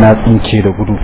na tsince da gudu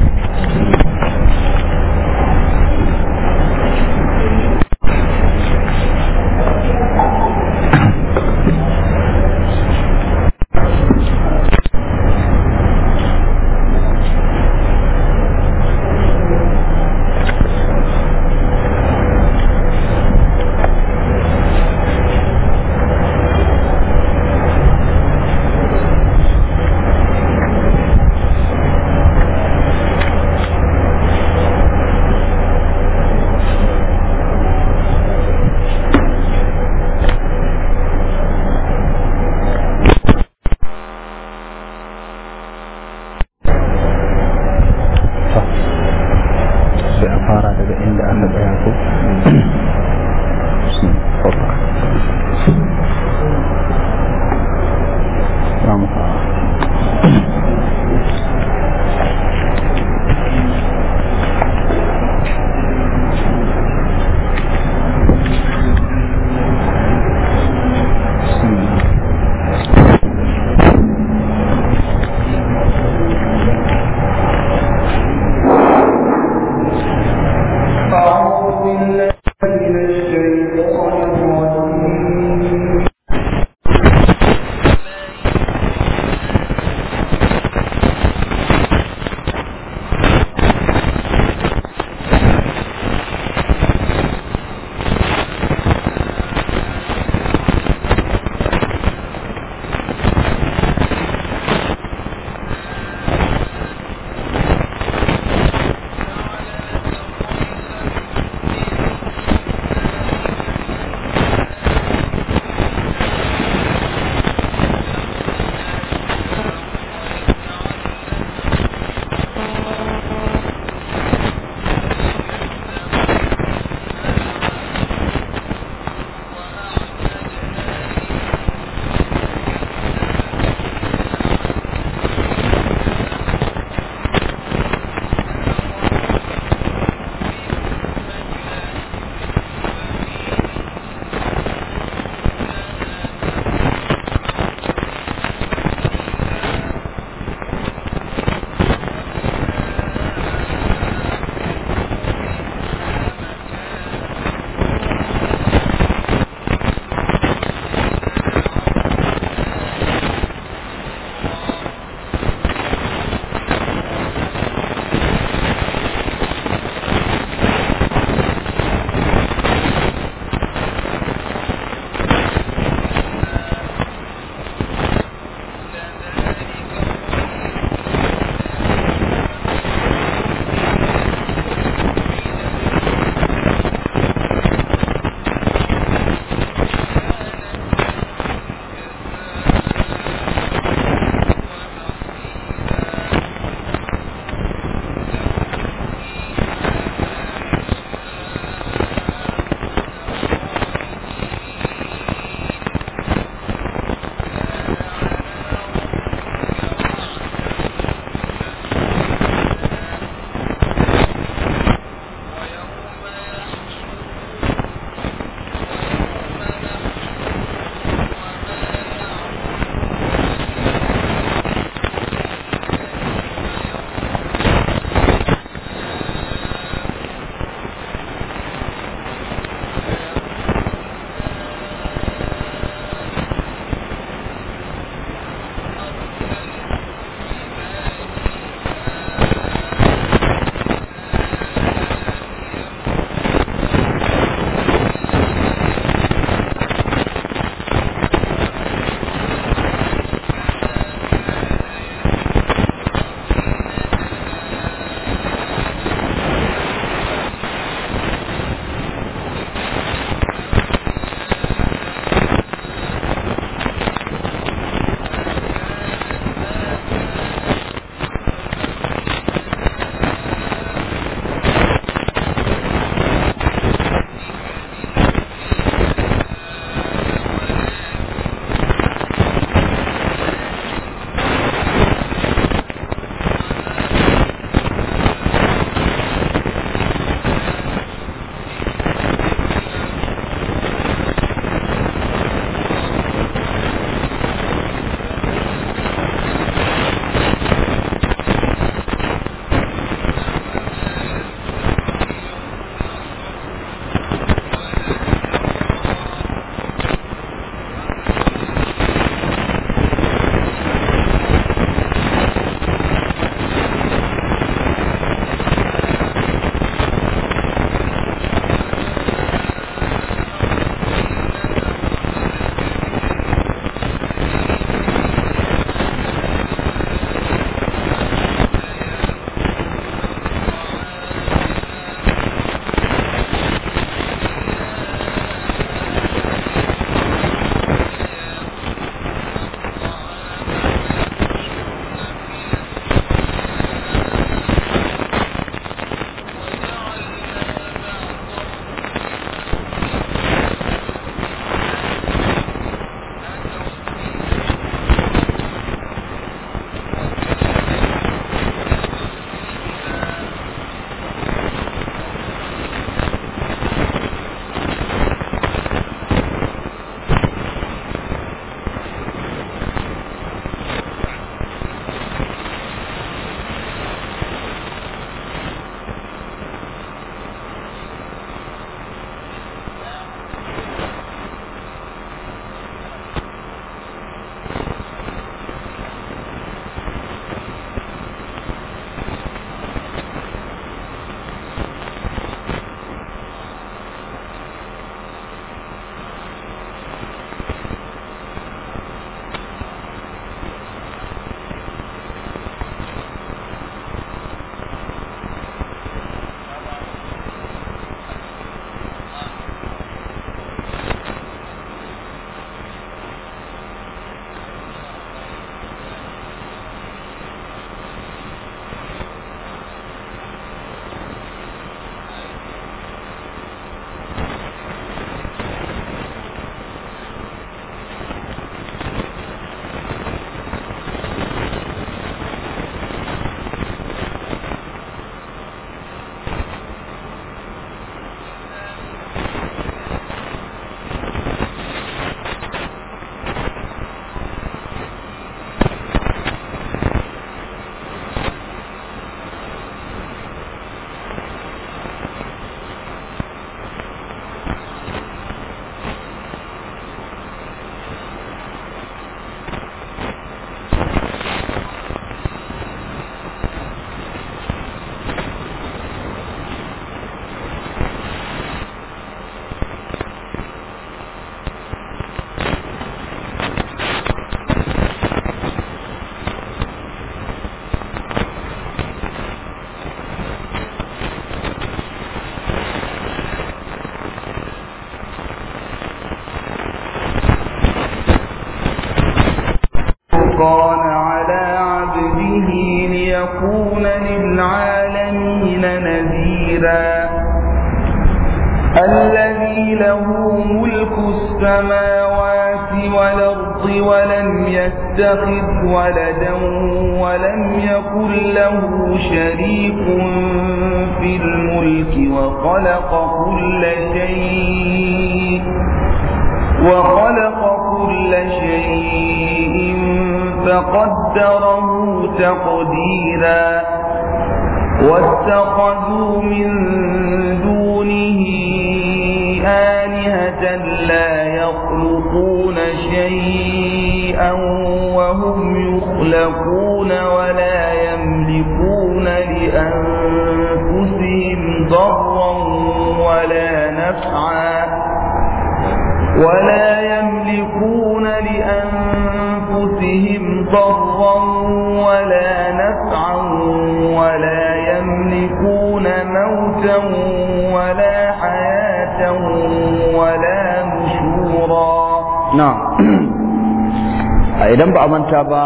idan ba a manta ba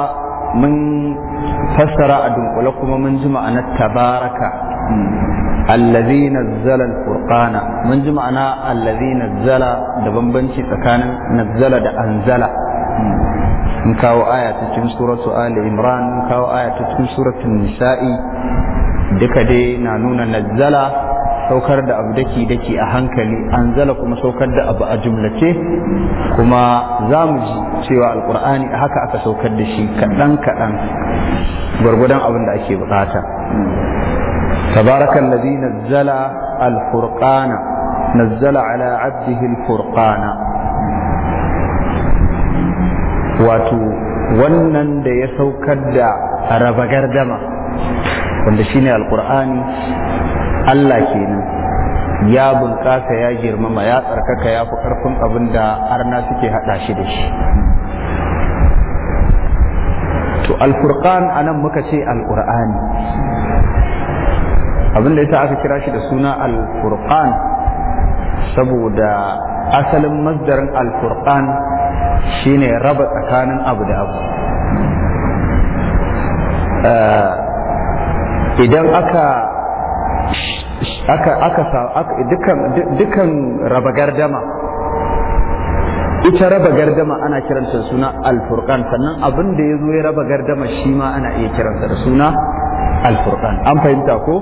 mun fassara a dunkule kuma mun ji ma'anar tabaraka allazi nazzala alfurqana mun ji ma'ana allazi nazzala da bambanci tsakanin nazzala da anzala mun kawo aya ta cikin suratu ali imran mun kawo aya ta cikin suratul nisa'i duka dai na nuna nazzala saukar da abu daki daki a hankali an zala kuma saukar da abu a jumlace kuma za mu ji cewa alkur'ani haka aka saukar da shi kaɗan kaɗan gwargwadon abin da ake bukata tabarakan ladhi nazzala alfurqana nazzala ala abdihi alfurqana wato wannan da ya saukar da raba gardama wanda shine alkur'ani Allah kenan ya bunƙasa ya girmama ya tsarkaka ya fi ƙarfin abin da arna suke haɗa shi da shi to a anan muka ce Abin abinda ita aka kira shi da suna alfurkan saboda asalin masdarin shi shine raba tsakanin abu da abu eh, idan aka aka aka dukan dukan raba gardama ita raba gardama ana kiranta suna alfurqan sannan abin da ya zo ya raba gardama shi ma ana iya kiransa da suna alfurqan an fahimta ko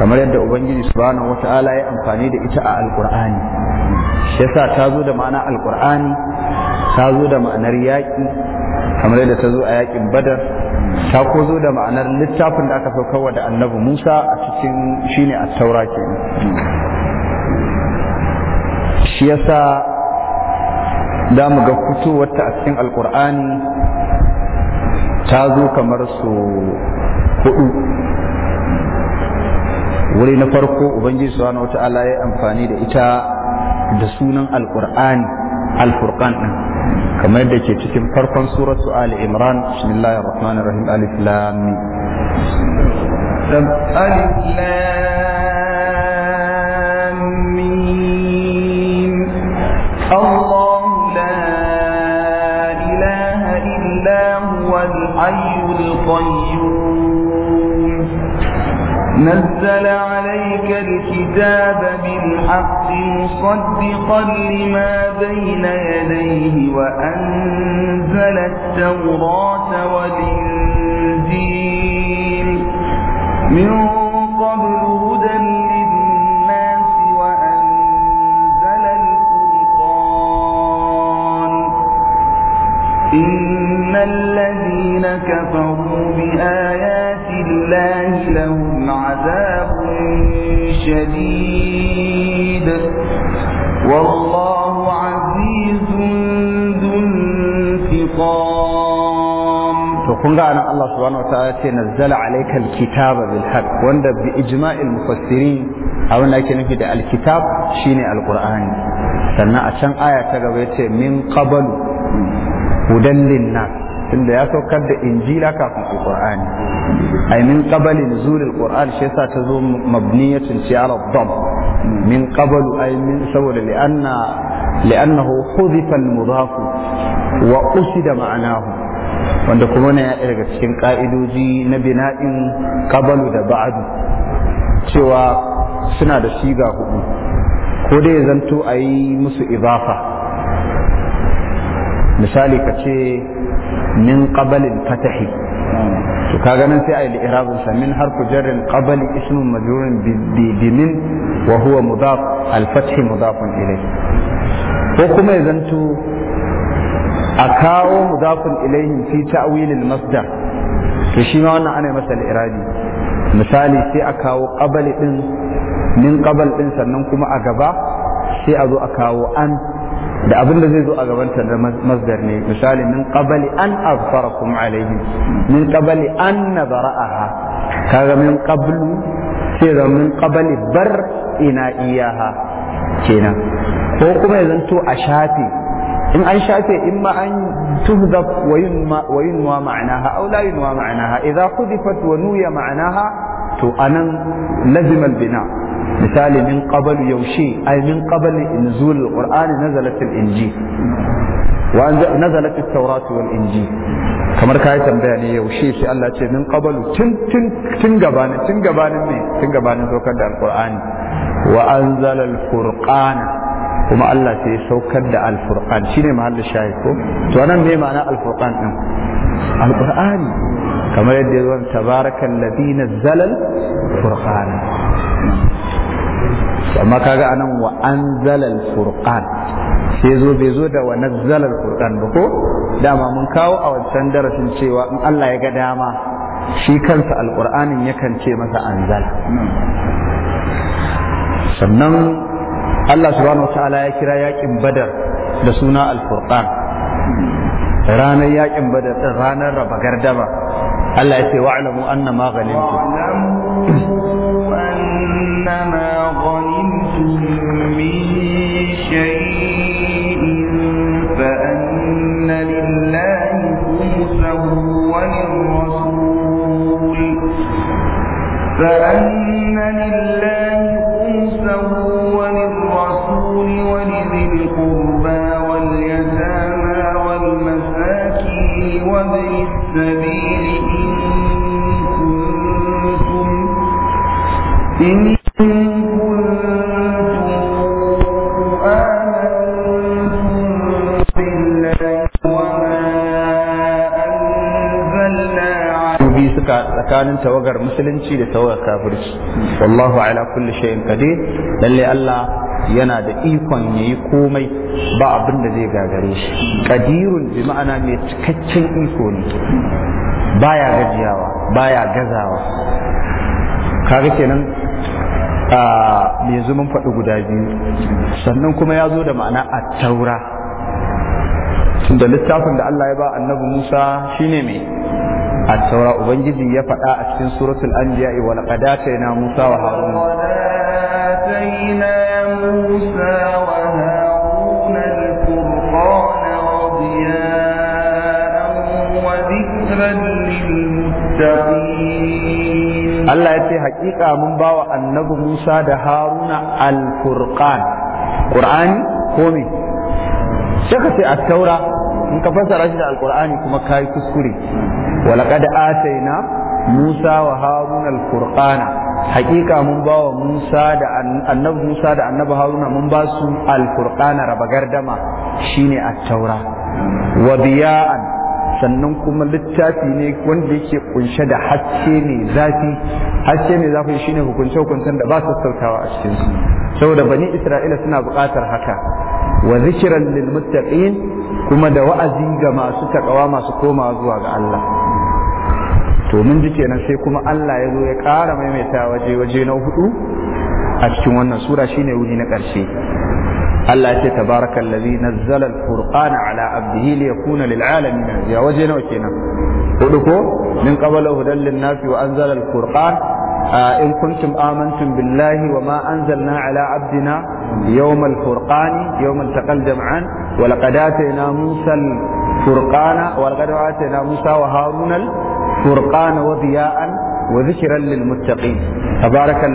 kamar yadda ubangiji subhanahu wata'ala ya amfani da ita a alqur'ani shi yasa ta zo da ma'ana alqur'ani ta zo da ma'anar yaƙi kamar yadda ta zo a yaƙin badar ta ko zo da ma'anar littafin da aka saukarwa da annabi Musa a cikin shine a taura kenan shi yasa da mu ga fitowar ta a cikin alkur'ani ta zo kamar su hudu wuri na farko ubangiji subhanahu wata'ala ya amfani da ita da sunan alkur'ani الفرقان كما يدعي تشكم فرقا سورة آل عمران بسم الله الرحمن الرحيم ألف لام ألف لام الله لا إله إلا هو الحي القيوم نزل عليك الكتاب بالحق مصدقا لما بين يديه وأنزل التوراة والإنزيل من قبل إن الذين كفروا بآيات الله لهم عذاب شديد والله عزيز ذو انتقام تقول لنا الله سبحانه وتعالى نزل عليك الكتاب بالحق وأن بإجماع المفسرين أو أنك نفيد الكتاب شيني القرآن سنة أشان آية تقول من قبل hudan linna, tunda ya saukar da injila kafin alqur'ani ai min qabli nuzul alqur'an shi yasa ta zo mabniyatun ci ala dhab min qablu ai min saboda li anna li'annahu hudifa almudaf wa usida ma'anahu wanda kuma ne ya daga cikin ka'idoji na bina'in qabalu da ba'du cewa suna da shiga hudu ko dai zanto ayi musu idafa misali ka ce min qabalil fatahi to ka nan sai ayi i'rabun sa min harfu jarrin qabali ismun majrurun bi min wa huwa mudaf mudafun ko kuma ya zanto a kawo mudafun ilaihin fi ta'wil masdar to shi ma wannan ana masa al misali sai a kawo qabali din min qabal din sannan kuma a gaba sai a zo a kawo an da abin da zai zo a gabanta da masdar ne misali min qabali an azfarakum alaihim min qabali an nabara'aha kaga min qablu sai da min qabali bar ina iyaha kenan ko kuma ya zanto a shafe in an shafe in ma an tuhdaf wa wa yunwa ma'anaha aw la yunwa ma'anaha idza hudifat wa nuya ma'anaha to anan lazima al-bina' misali min qablu yaushe ay min qabli nuzul alqur'ani nazalat al-injil wa nazalat at-taurat wal inji kamar kai tambaya ne yaushe sai Allah ce min qablu tun tun tun gabanin tun gabanin ne tun gabanin saukar da alqur'ani wa anzala al-furqana kuma Allah sai ya saukar da al shine mahallin shahid ko to anan me ma'ana al-furqan din al-qur'ani kamar yadda ya zo tabarakal ladina zalal furqana amma kaga anan wa anzalal furqan sai zo bai zo da wa nazzalal furqan ba ko dama mun kawo a wancan darasin cewa in Allah ya ga dama shi kansa alqur'anin yakan ce masa anzal. sannan Allah subhanahu wataala ya kira yakin badar da suna alfurqan ranar yakin badar din ranar raba gardama Allah ya ce wa'lamu annama ghanimtum wa'lamu annama من شيء فأن لله خمسه وللرسول ولذي القربى واليتامى والمساكين وابن السبيل إن كنتم إن tawagar musulunci da tawagar kafirci wallahu ala kulli shay'in qadir lalle Allah yana da ikon yayi komai ba abin da zai gagare shi qadirun bi ma'ana mai cikakken iko ne baya gajiyawa baya gazawa kaga kenan a me yanzu mun faɗi guda biyu sannan kuma ya zo da ma'ana at-taura da littafin da Allah ya ba annabi Musa shine mai Attaura ubangiji ya faɗa a cikin surutu an biya ya Allah ya ce haƙiƙa mun bawa annabi Musa da Haruna al-kurqan. Kur'ani ko me cakasai a taura. in ka fassara shi da alkur'ani kuma kai kuskure walaqad ataina musa wa harun alqur'ana hakika mun ba wa musa da annabi musa da annabi haruna mun ba su alqur'ana raba gardama shine at-taura wa biya'an sannan kuma littafi ne wanda yake kunshe da haske ne zafi haske mai zafi shine hukunce hukuncen da ba su sautawa a cikin su saboda bani isra'ila suna buƙatar haka wa zikiran lil kuma da wa'azi ga masu takawa masu komawa zuwa ga Allah to mun ji kenan sai kuma Allah ya zo ya ƙara maimaita waje waje na hudu a cikin wannan sura shine wuri na ƙarshe Allah ya ce tabarakal ladzi nazzala al-furqana ala abdihi liyakuna lil alamin ya waje nawa kenan hudu ko min qabala hudan lin nasi wa anzala al-furqan in kuntum amantum billahi wa ma anzalna ala abdina yawm al-furqan yawm al-taqal musa al-furqana wa laqad atayna musa wa haruna al-furqana wa diya'an wa dhikran lil muttaqin tabaraka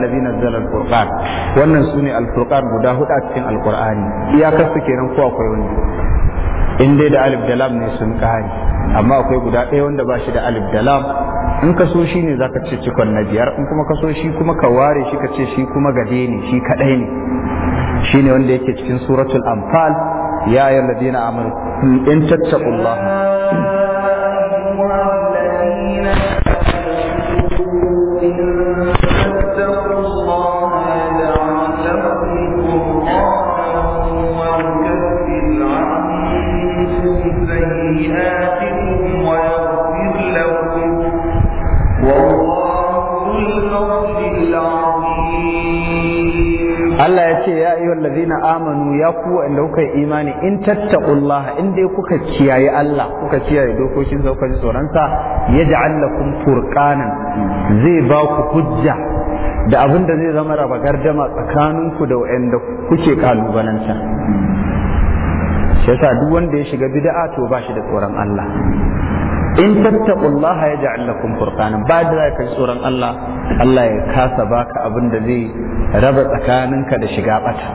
wannan sune al-furqan guda hudu a cikin al-qur'ani kenan ko akwai wani in dai da alif ne sun kare amma akwai guda ɗaya wanda ba shi da alif da in ka so shi ne zaka ce cikon na biyar in kuma ka so shi kuma ka ware shi ka ce shi kuma gade ne shi kadai ne ne wanda yake cikin suratul anfal ya ayyuhallazina amanu in tattaqullaha na amanu ya ku wanda kuka yi imani in tattaqullaha in dai kuka kiyaye Allah kuka kiyaye dokokin sa kuka ji tsoron sa yaj'al lakum furqanan zai ba ku hujja da abin da zai zama raba gardama tsakaninku da wa'anda kuke kalubalanta shi duk wanda ya shiga bid'a to ba shi da tsoron Allah in tattaqullaha yaj'al lakum furqanan ba da zaka ji tsoron Allah Allah ya kasa baka abin da zai raba tsakaninka da shiga bata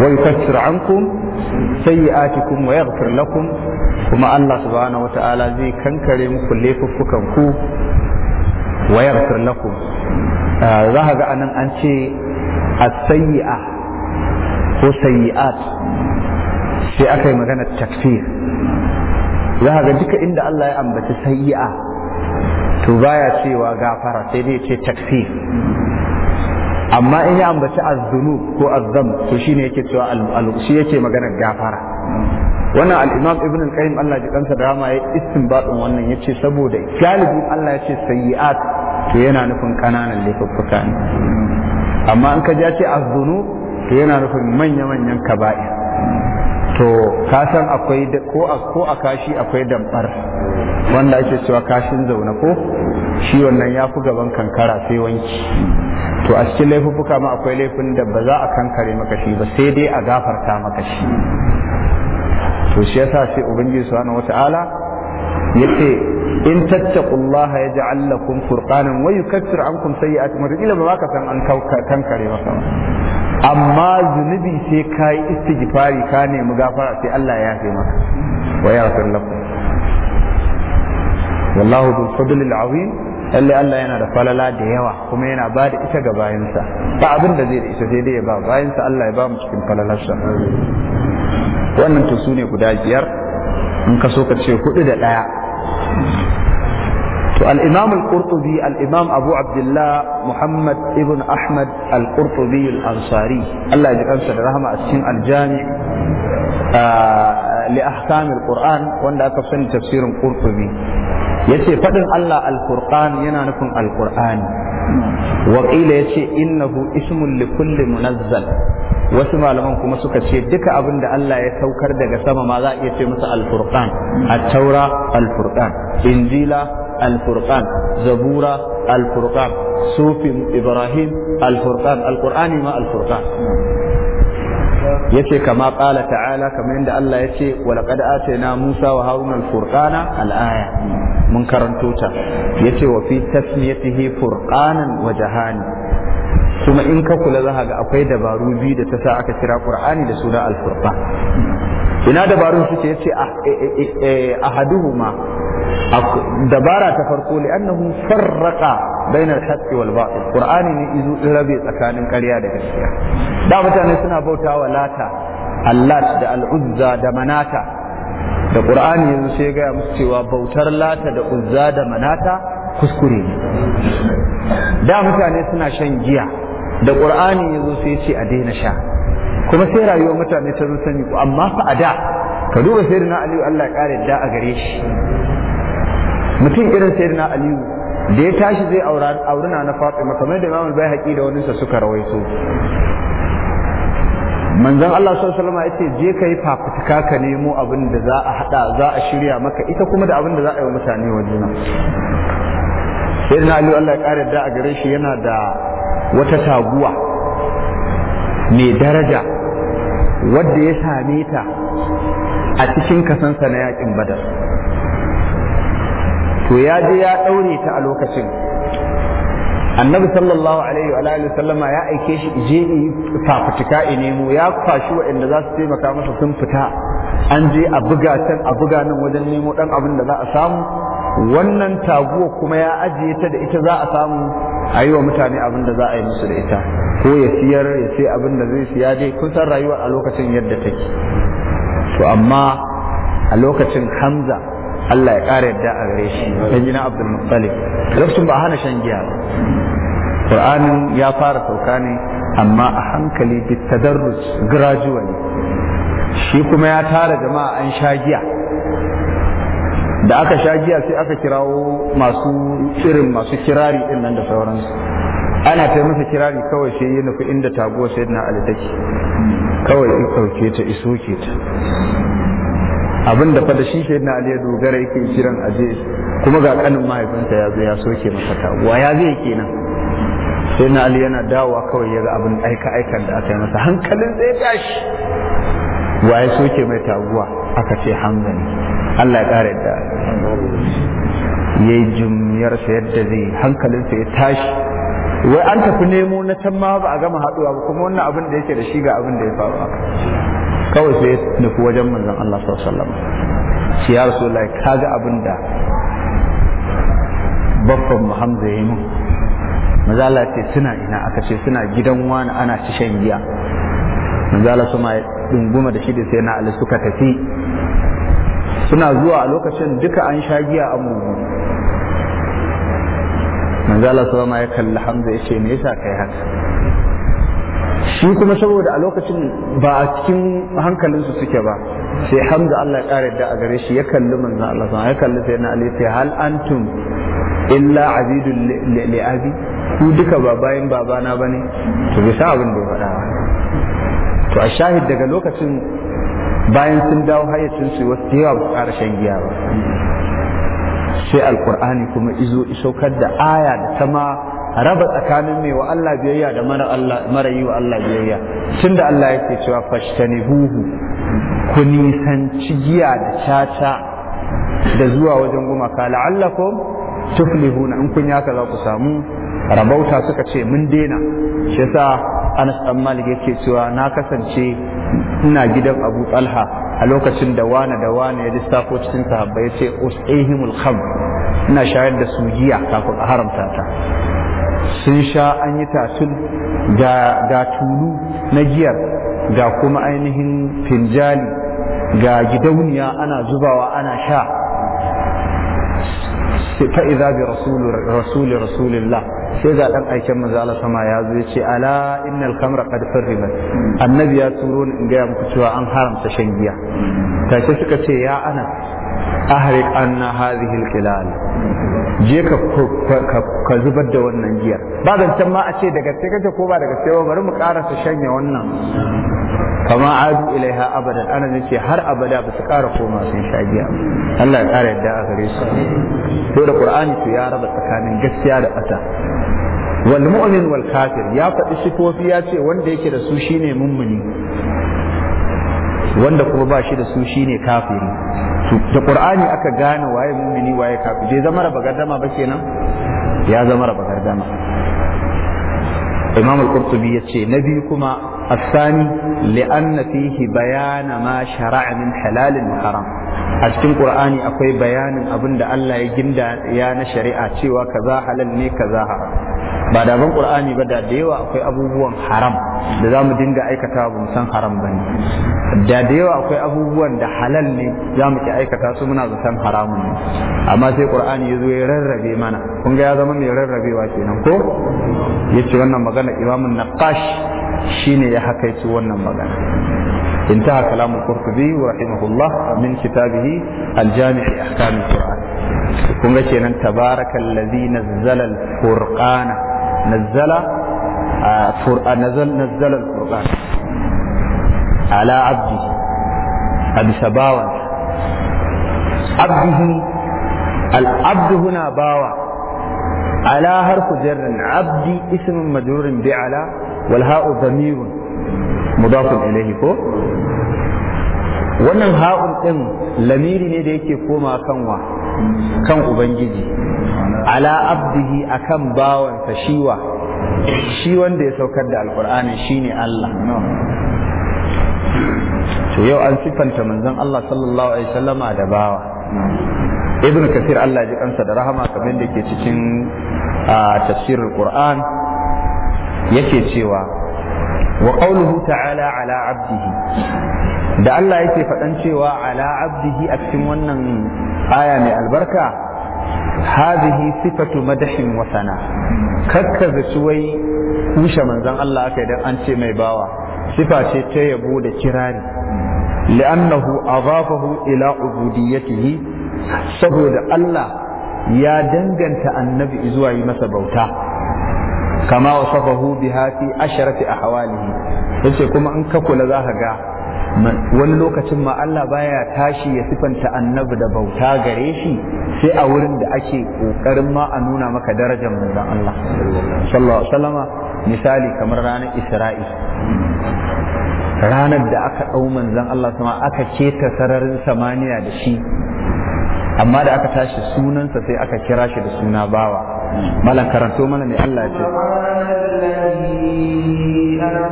wa yukaffir ankum sayyi'atikum wa yaghfir lakum kuma Allah subhanahu wata'ala zai kankare muku laifuffukan ku wa yaghfir lakum ah, za ga anan an ce as-sayyi'a ko sayyi'at sai aka magana takfir za ga duka inda Allah ya ambaci sayyi'a to baya cewa gafara sai dai ce takfir amma in ya ambaci azzunu ko azzam to shine yake cewa shi yake maganar gafara wannan al-imam ibn al-qayyim Allah ya kansa da ya istinbadin wannan yace saboda galibin Allah yace sayyi'at to yana nufin kananan laifuffuka ne amma in ka ji yace azzunu to yana nufin manya-manyan kaba'ir to ka san akwai ko a kashi akwai dambar wanda ake cewa kashin zaune ko shi wannan ya fi gaban kankara sai wanki to a cikin laifuffuka ma akwai laifin da ba za a kankare maka shi ba sai dai a gafarta maka shi to shi yasa sai ubangiji subhanahu wata'ala yace in tattaqullaha yaj'al lakum furqanan wa yukaffir ankum cikin ila ba ka san an kankare maka amma zunubi sai kai istighfari ka nemi gafara sai Allah ya yafe maka wa wallahu bil fadlil azim lalle Allah yana da falala da yawa kuma yana ba da ita ga bayansa ba abin da zai da ita sai dai ya ba bayansa Allah ya ba mu cikin falalarsa wannan to sune guda biyar in ka so ka ce hudu da daya to al-imam al-qurtubi al-imam abu abdullah muhammad ibn ahmad al-qurtubi al-ansari Allah ya ji kansa da rahama a cikin al-jami ah, li quran wanda aka sani tafsirin qurtubi yace faɗin Allah al al-Qur'an yana nufin al-kur'ani, al-Qur'an waƙila ya ce innahu ismun li kulli munazzal wasu malaman kuma suka ce duka abin da Allah ya saukar daga sama ma za a iya ce masa al-kur'an al-Qur'an at-taura al-Qur'an injila al-Qur'an zabura al-Qur'an sufi ibrahim al-kur'an al qurani ma al al-Qur'an yace kama qala ta'ala kamar yadda Allah yace wa laqad atayna Musa wa Harun al-furqana al-aya mun karanto ta yace wa fi tasmiyatihi furqanan wa jahani kuma in ka kula za ga akwai dabaru biyu da ta sa aka kira qur'ani da suna alfurfa. ina dabarun suke yace ah, eh, eh, eh, ahaduhuma dabara ta farko li'annahu farraqa bayna al-haqqi wal batil qur'ani ne izu rabe tsakanin ƙarya da gaskiya da mutane suna bauta wa lata allat da al-uzza da manata da qur'ani yanzu sai gaya musu cewa bautar lata da uzza da manata kuskure ne da mutane suna shan giya da qur'ani ya zo sai ya ce a daina sha kuma sai rayuwar mutane ta zo sani amma fa a da ka duba na aliyu Allah ya ƙara da a gare shi mutum irin na aliyu da ya tashi zai auri na fatima kamar da imamul bai haƙi da sa suka rawaito manzon Allah sallallahu alaihi wasallam je kai fafutuka ka nemo abin da za a hada za a shirya maka ita kuma da abin da za a yi wa mutane wa sai na Aliyu Allah ya kare da a gare shi yana da wata taguwa mai daraja wadda ya same ta a cikin kasansa na yakin badar to ya je ya ɗaure ta a lokacin annabi sallallahu alaihi wa alihi sallama ya aike shi je yi fafutuka ya nemo ya kwashi waɗanda za su taimaka masa sun fita an je a buga can a buga nan wajen nemo ɗan abin da za a samu wannan taguwa kuma ya ajiye ta da ita za a samu a yi wa mutane abin da za a yi musu da ita ko ya siyar ya ce abin da zai siya dai kun san rayuwar a lokacin yadda take to amma a lokacin hamza Allah ya ƙara yadda a gare shi ta gina abdul muttalib lokacin ba a hana shan giya ba ya fara sauka ne amma a hankali bitadarrus gradually shi kuma ya tara jama'a an sha giya da aka sha giya sai aka kirawo masu irin masu kirari din nan da sauransu ana ta musu kirari kawai sai ya nufi inda taguwa sai na ali take kawai in sauke ta iso ke ta abin da fada shi sai na ali ya dogara yake kiran aje kuma ga kanin mahaifinta ya zo ya soke masa taguwa ya zai kenan sai na ali yana dawowa kawai ya ga abin aika aikan da aka yi masa hankalin zai tashi wa ya soke mai taguwa aka ce hamza ne Allah ya ƙara yadda ya yi jumiyarsa yadda zai hankalinsa ya tashi wai an tafi nemo na can ma ba a gama haɗuwa ba kuma wannan abin da yake da shi ga abin da ya faru kawai sai ya nufi wajen manzon Allah sallallahu alaihi shi ya rasulullahi kaga abin da babban mu Hamza ya yi min. mazala ce suna ina aka ce suna gidan wani ana ci shan giya manzala su ma dunguma da shi da sai na ali suka tafi suna zuwa a lokacin duka an sha giya a mugu manzala sallama ya kalli hamza ya ce me yasa kai haka shi kuma saboda a lokacin ba a cikin hankalinsu suke ba sai hamza Allah ya kare da a gare shi ya kalli manzon Allah sallama ya kalli sai na ali sai hal antum illa abidul li ku duka ba bayan babana bane to bai sa abin da ya faɗa ba to a shahid daga lokacin bayan sun dawo hayyacin su wasu ba yawa ƙara shan giya ba sai alkur'ani kuma izo isaukar da aya da ta ma raba tsakanin mai wa Allah biyayya da mara yi wa Allah biyayya tunda Allah yake cewa huhu ku nisanci giya da caca da zuwa wajen gumaka la'allakum tuflihuna in kun yaka za ku samu rabauta suka ce mun dena shi yasa Anas Malik yake cewa na kasance ina gidan abu talha a lokacin da wane da wane ya lissafo cikin sahabba ya ce usaihimul kham ina shayar da su jiya kafin a haramta ta sun sha an yi tasul ga tulu na giyar ga kuma ainihin finjali ga gidauniya ana zubawa ana sha fa'iza bi rasulun rasulillah sai ga dan aikin manzo Allah sama ya zo yace ala innal khamra qad harrimat annabi ya turo ni in ga muku cewa an haramta shan giya take suka ce ya ana ahriq anna hadhihi alqilal je ka ka zubar da wannan giya ba zancen ma a ce daga sai kake ko ba daga sai ba bari mu karasa shanya wannan kama adu ilaiha abadan ana nace har abada ba su kara koma sun sha giya Allah ya kara yadda a gare su to da qur'ani to ya raba tsakanin gaskiya da ƙasa wal mu'min wal kafir ya faɗi sifofi ya ce wanda yake da su shine mummuni wanda kuma ba shi da su shine kafiri da qur'ani aka gane waye mummuni waye kafiri je zama raba gardama ba kenan ya zama raba gardama imam al-qurtubi yace na biyu kuma الثاني لأن فيه بيان ما شرع من حلال وحرام أتكلم قرآني أقوي بيان أبن الله يجند يا نشريعة شوى كذا حلال كذا حرام ba da ban qur'ani ba da da yawa akwai abubuwan haram da zamu dinga aikata ba mu san haram bane da da yawa akwai abubuwan da halal ne zamu ki aikata su muna zaton haramun ne amma sai qur'ani yazo ya rarrabe mana kun ga ya zama mai rarrabewa kenan ko yace wannan magana imamun naqash shine ya hakaitu wannan magana انتهى كلام القرطبي رحمه الله من كتابه الجامع لاحكام القران kun ga kenan tabarakallazi nazzala al-furqana nazzala al-qur'an ala abdi a bisa bawan abdihi al-abdu huna bawa ala harfu jarrin abdi ismun majrurin bi ala wal ko wannan ha'un ɗin lamiri ne da yake koma kanwa kan ubangiji ala abdihi akan bawansa shiwa shi wanda ya saukar da alkur'ani shine Allah to yau an siffanta manzon Allah sallallahu alaihi wasallama da bawa ibn kasir Allah ji kansa da rahama kamar yadda ke cikin tafsirul qur'an yake cewa wa qawluhu ta'ala ala abdihi da Allah yake faɗan cewa ala abdihi a cikin wannan aya mai albarka hadhihi sifatu madahin wa sana kakkaza suwai kushe manzon Allah ka idan an ce mai bawa sifa ce ta yabo da kirari li'annahu adafahu ila ubudiyyatihi saboda Allah ya danganta annabi zuwa yi masa bauta kama wasafahu biha fi asharati ahwalihi yace kuma in ka kula za ka ga wani lokacin ma Allah baya tashi ya sifanta annabi da bauta gare shi sai a wurin da ake kokarin ma a nuna maka darajar manzon Allah sallallahu alaihi wasallama misali kamar ranar Isra'i ranar da aka ɗau manzon Allah sama aka keta sararin samaniya da shi amma da aka tashi sunansa sai aka kira shi da suna bawa malan karanto mana ne Allah ya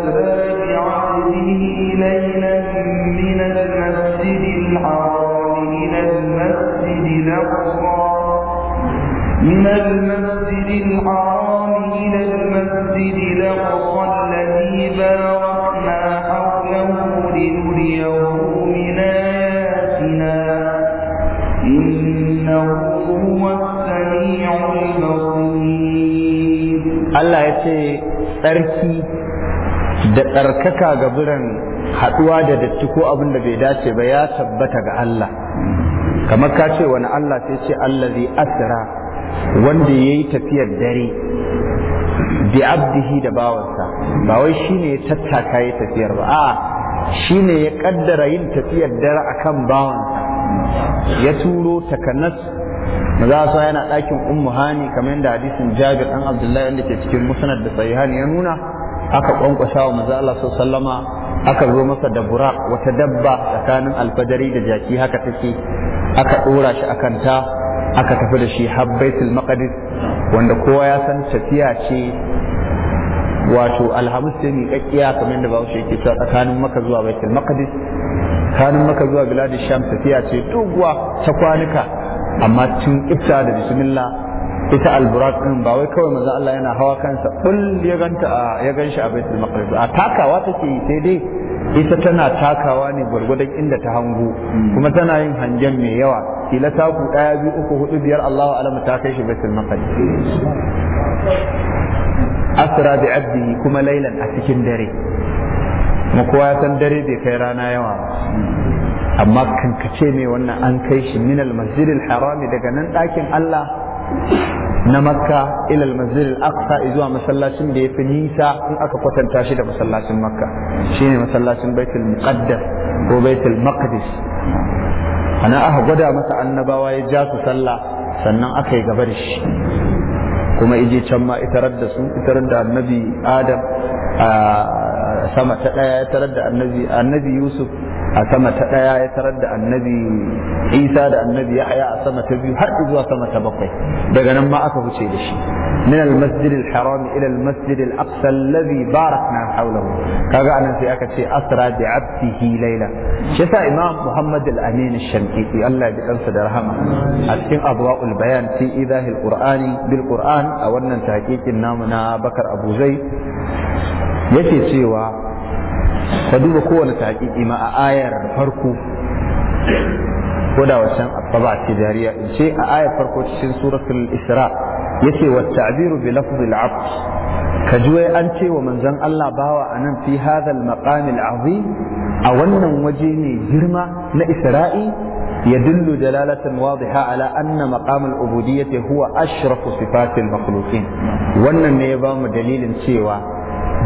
ce من المسجد الحرام إلى المسجد الأقصى من المسجد الحرام إلى المسجد الأقصى الذي باركنا حوله لنريه من آياتنا إنه هو السميع البصير الله يتي tsarki da tsarkaka ga biran Haɗuwa da datti ko abin da bai dace ba ya tabbata ga Allah kamar ka ce wani Allah sai ce zai asira wanda yayi tafiyar dare bi abdihi da bawansa ba wai shine ya tattaka ya tafiyar ba a shine ya kaddara yin tafiyar dare akan bawansa ya turo takanas maza sa yana ɗakin ummu hani kamar yadda hadisin jabir ɗan abdullahi wanda ke cikin musnad da sahihani ya nuna aka kwankwasa wa maza Allah sallama aka zo masa da bura wata dabba tsakanin alfajari da jaki haka take aka ɗora shi akan ta aka tafi da shi har baitul maqdis wanda kowa ya san tafiya ce wato alhamis ce miƙaƙƙiya kamar da bahaushe yake cewa tsakanin maka zuwa baitul maqdis tsakanin maka zuwa biladin sham tafiya ce doguwa ta kwanuka amma tun ifta da bismillah ita alburak din ba wai kawai manzo Allah yana hawa kansa bul ya ganta ya ganshi a baitul maqdis a takawa take sai dai ita tana takawa ne gurgudan inda ta hangu kuma tana yin hangen mai yawa kila taku daya biyu uku hudu biyar Allahu alama ta kai shi baitul maqdis asra bi abdihi kuma lailan a cikin dare kuma kowa ya san dare bai kai rana yawa amma kankace ne wannan an kai shi minal masjidil harami daga nan dakin Allah na makka ilal masjid al-aqsa zuwa masallacin da yafi nisa in aka kwatanta shi da masallacin makka shine masallacin baitul muqaddas ko baitul maqdis ana aka gwada masa annabawa ya ja su sallah sannan aka yi gaba da shi kuma ije can ma itarar da su itarar da annabi adam sama ta daya itarar da annabi annabi yusuf a sama ta ɗaya ya tarar da annabi isa da annabi yahya a sama ta biyu har zuwa sama ta bakwai daga nan ma aka wuce da shi min al-masjid al-haram ila al-masjid al-aqsa alladhi barakna hawlahu kaga anan sai aka ce asra bi abdihi layla shi yasa imam muhammad al-amin al Allah ya kansa da rahama a cikin abwaul bayan fi idahi al-qur'ani bil qur'an a wannan tahqiqin namu na bakar abu zai yake cewa ka duba kowane tahqiqi ma a ayar farko ko wancan asaba ce jariya in ce a ayar farko cikin suratul isra yace wa ta'biru bi lafzil abd ka ji wai an ce wa manzon Allah bawa anan fi hadha al maqam al azim a wannan waje ne girma na isra'i يدل دلالة واضحة على أن مقام العبودية هو أشرف صفات المخلوقين وأن bamu دليل سوى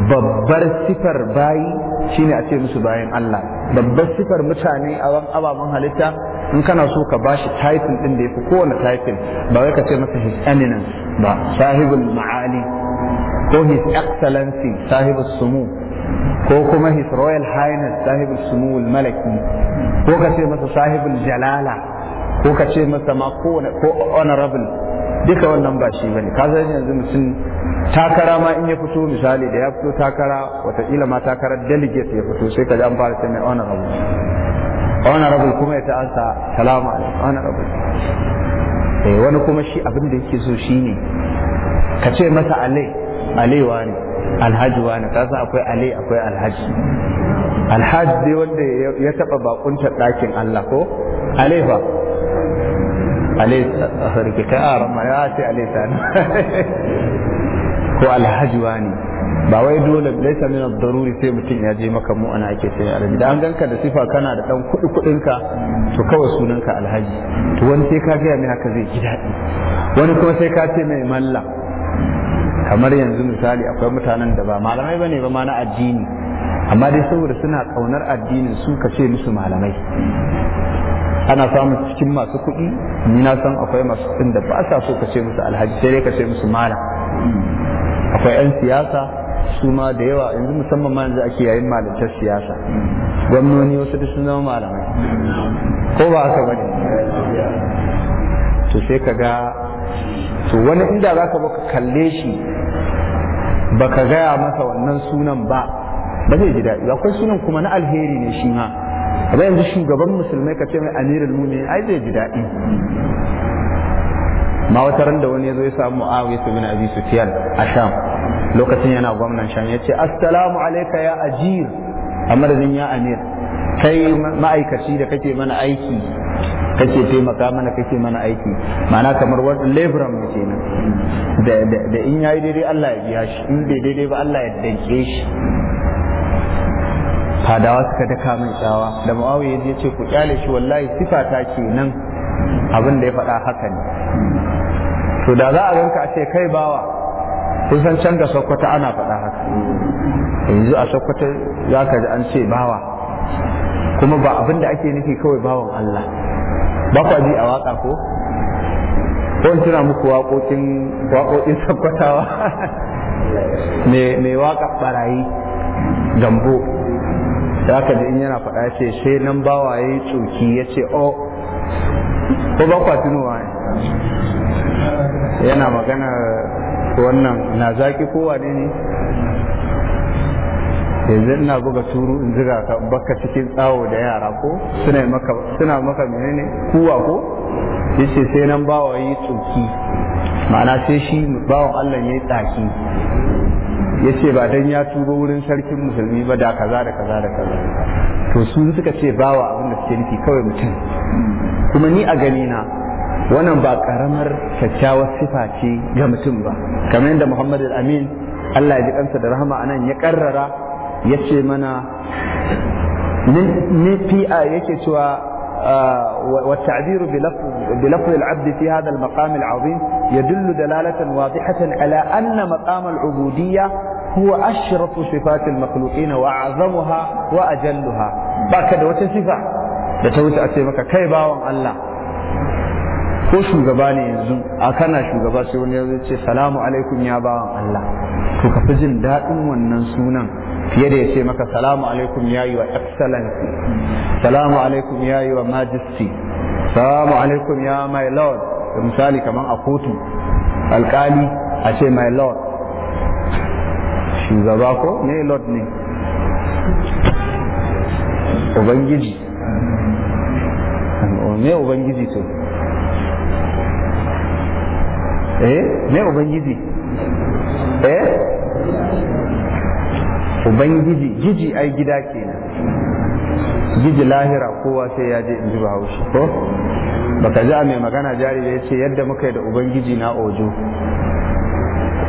babbar sifar bayi shine a ce musu bayan Allah babbar sifar mutane a ababen halitta in kana so ka bashi title ɗin da ya fi kowane title ba wai ka ce masa his eminence ba sahibul ma'ali ko his excellency sahibul sumu ko kuma his royal highness sahibul sumu malaki ko ka ce masa sahibul jalala ko ka ce masa ma ko honorable duka wannan ba shi bane ka san yanzu mutum takara ma in ya fito misali da ya fito takara ila ma takarar delegate ya fito sai ka ji an fara sai mai honorable honorable kuma ya ta'ansa salama honorable eh wani kuma shi abin da yake so shine ka ce masa alai alewa ne alhaji wani ka san akwai alai akwai alhaji alhaji dai wanda ya taɓa bakuntar ɗakin Allah ko alai ba. alaisa sarki a ramar ya ce alaisa ko alhajuwa ne ba wai dole laisa min daruri sai mutum ya je maka mu ana ake ce alhaji da an ganka da sifa kana da dan kuɗi kuɗinka to kawai sunanka alhaji to wani sai ka gaya mai haka zai ji daɗi wani kuma sai ka ce mai malla kamar yanzu misali akwai mutanen da ba malamai ne ba ma na addini amma dai saboda suna ƙaunar addinin su ka ce musu malamai ana samun cikin masu kuɗi ni na san akwai masu kuɗin da ba sa so ka ce musu alhaji sai dai ka ce musu mala akwai 'yan siyasa su ma da yawa yanzu musamman ma yanzu ake yayin malantar siyasa gwamnoni wasu da sun zama malamai ko ba haka bane to sai ka ga to wani inda za ka ka kalle shi ka gaya masa wannan sunan ba ba zai ji daɗi akwai sunan kuma na alheri ne shi ma amma yanzu shugaban musulmai ka ce mai amirul mu'minin ai zai ji daɗi ma wata ran da wani ya zo ya samu Muawiya bin Abi Sufyan a Sham lokacin yana gwamnan Sham ya ce assalamu alayka ya ajir amma da ya amir kai ma'aikaci da kake mana aiki kake taimaka mana kake mana aiki ma'ana kamar wani leburan mu kenan da in yayi daidai Allah ya biya shi in bai daidai ba Allah ya danke shi fadawa suka daka mai tsawa da muawiya ya ce ku kyale shi wallahi sifa ta nan abin da ya faɗa haka ne to da za a ganka a ce kai bawa kun san can ga sokoto ana faɗa haka yanzu a sokoto za ka ji an ce bawa kuma ba abin da ake nufi kawai bawan Allah ba ku ji a waka ko ko tuna muku waƙoƙin waƙoƙin sokotawa mai waƙa barayi gambo da haka da in yana faɗa ce sai nan bawa ya yi tsoki ya ce o oh. ko ba kwa tunowa ne yana magana wannan na zaki kowa ne ne yanzu ina buga turu in ziga ka baka cikin tsawo da yara ko suna maka suna maka menene kuwa ko yace sai nan bawa yi tsoki ma'ana sai shi bawan Allah ya yi tsaki ya ce ba dan ya tuba wurin sarkin musulmi ba da kaza da kaza da kaza to su suka ce bawa abin da suke nufi kawai mutum kuma ni a gani na wannan ba karamar kyakkyawar sifa ce ga mutum ba kamar yadda Muhammad al-Amin Allah ya ji kansa da rahama anan ya karrara ya ce mana ne fi yake cewa والتعبير بلفظ العبد في هذا المقام العظيم يدل دلالة واضحة على أن مقام العبودية هو أشرف صفات المخلوقين وأعظمها وأجلها باكد وتصفة da ta wuce a ce maka kai bawan Allah ko shugaba ne yanzu a kana shugaba sai wani ya ce salamu alaikum ya bawan Allah to ka fi jin daɗin wannan sunan fiye da ya ce maka salamu alaikum ya yi wa excellency salamu alaikum ya yi wa majesty salamu alaikum ya my lord da misali kamar a kotu alkali a ce my lord shugaba ko ne lord ne ubangiji ne ubangiji to eh ne ubangiji eh ubangiji giji ai gida kenan giji lahira kowa sai ya je in ji bahaushe ko baka ji a mai magana jari da ya ce yadda muka yi da ubangiji na ojo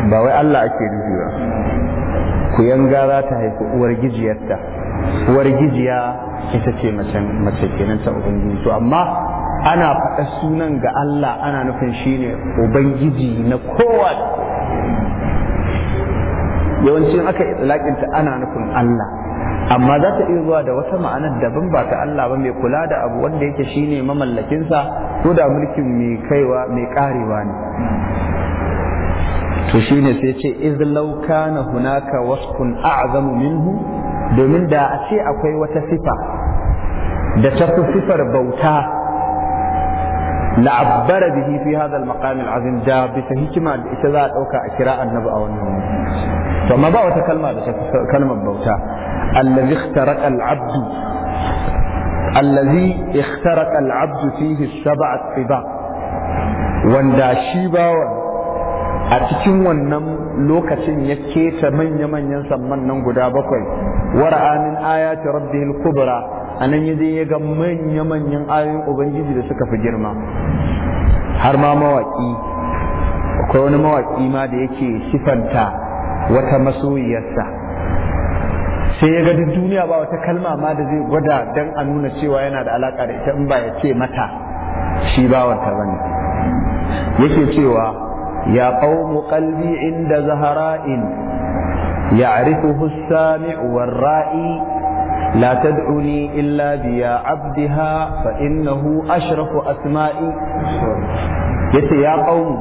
ba wai allah ake nufi ba ku yanga za ta haifi uwar gijiyarta uwar gijiya ita ce mace kenan ta ubangiji to amma ana faɗa sunan ga Allah ana nufin shine ubangiji na kowa yawanci aka laƙinta ta ana nufin Allah amma za ta iya zuwa da wata ma'anar daban ba ta Allah ba mai kula da abu wanda yake shine mamallakin sa ko da mulkin mai kaiwa mai karewa ne to shine sai ce iz kana hunaka wasfun a'zamu minhu domin da a ce akwai wata sifa da ta fi sifar bauta la'abbara bihi fi hadha al-maqam al-azim da bisa hikima da ita za a dauka a kira annabi a wannan to amma ba wata kalma da kalmar bauta allazi ikhtaraqa al-abd allazi ikhtaraqa al-abd fihi sab'at tiba wanda shi bawa a cikin wannan lokacin ya keta manya-manyan samman nan guda bakwai wara'a min ayati al kubra anan yaje ya ga manya-manyan ayoyin ubangiji da suka fi girma har ma mawaki akwai wani mawaki ma da yake sifanta wata masoyiyarsa sai ya gadi duk duniya ba wata kalma ma da zai gwada don a nuna cewa yana da alaka da ita in ba ya ce mata shi bawarta bane yake cewa ya qaumu qalbi inda zahara'in ya as-sami'u war-ra'i la tad'uni illa bi ya fa innahu ashrafu asma'i yace ya qaumu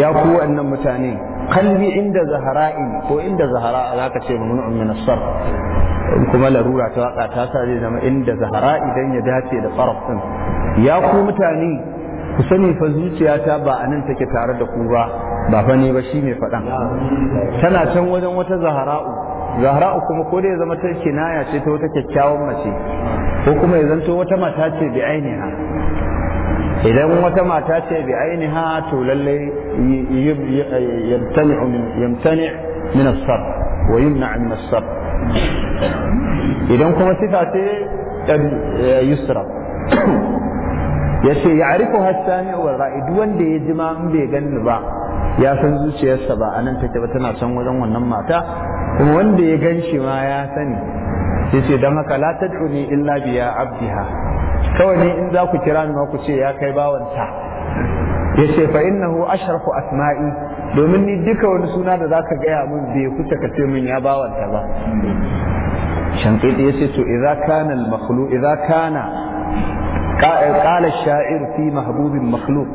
ya ku wannan mutane kalbi inda zahara'in ko inda zahara za ka ce mamnu'un min as kuma larura ta waka ta sa zai zama inda zahara idan ya dace da sarf din ya ku mutane ku sani fa zuciyata ba a nan take tare da ku ba ba fa ne ba shi ne faɗan tana can wajen wata zahara'u zahara'u kuma ko dai ya zama ta kinaya ce ta wata kyakkyawan mace ko kuma ya zanto wata mata ce bi ainiha idan wata mata ce bi ainiha to lalle yamtani yamtani min as sab wa yumna min as sab idan kuma sifa ce eh, yusra yace ya'rifuha as-sami' wa ra'id wanda ya jima in bai ganni ba ya san zuciyarsa ba anan take ba tana san wajen wannan mata kuma wanda ya ganshi ma ya sani yace dan haka la tad'uni illa biya abdiha kawai ne in za ku kira ni ma ku ce ya kai bawanta ya ce fa innahu ashrafu asma'i domin ni duka wani suna da zaka gaya min bai kusa ka ce min ya bawanta ba shankiti ya ce to idza kana al makhluq idza kana qala sha'ir fi mahbub al makhluq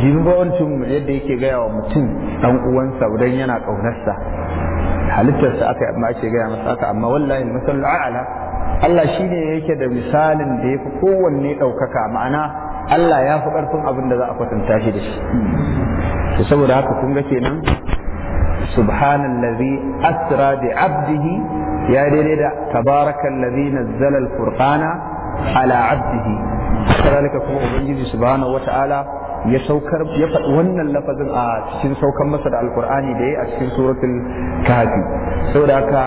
jin bawancin yadda yake gaya wa mutum dan uwansa dan yana kaunarsa halittarsa aka amma ake gaya masa haka amma wallahi masal a'la Allah shine yake da misalin da ya fi kowanne ɗaukaka ma'ana Allah ya fi ƙarfin abin da za a kwatanta shi da shi saboda haka kun ga kenan subhanallazi asra bi abdihi ya daidai da tabarakallazi na zalal furkana ala abdihi haka kuma ubangiji subhanahu wata'ala ya saukar ya faɗi wannan lafazin a cikin saukan masa da alkur'ani da ya a cikin suratul kafi saboda haka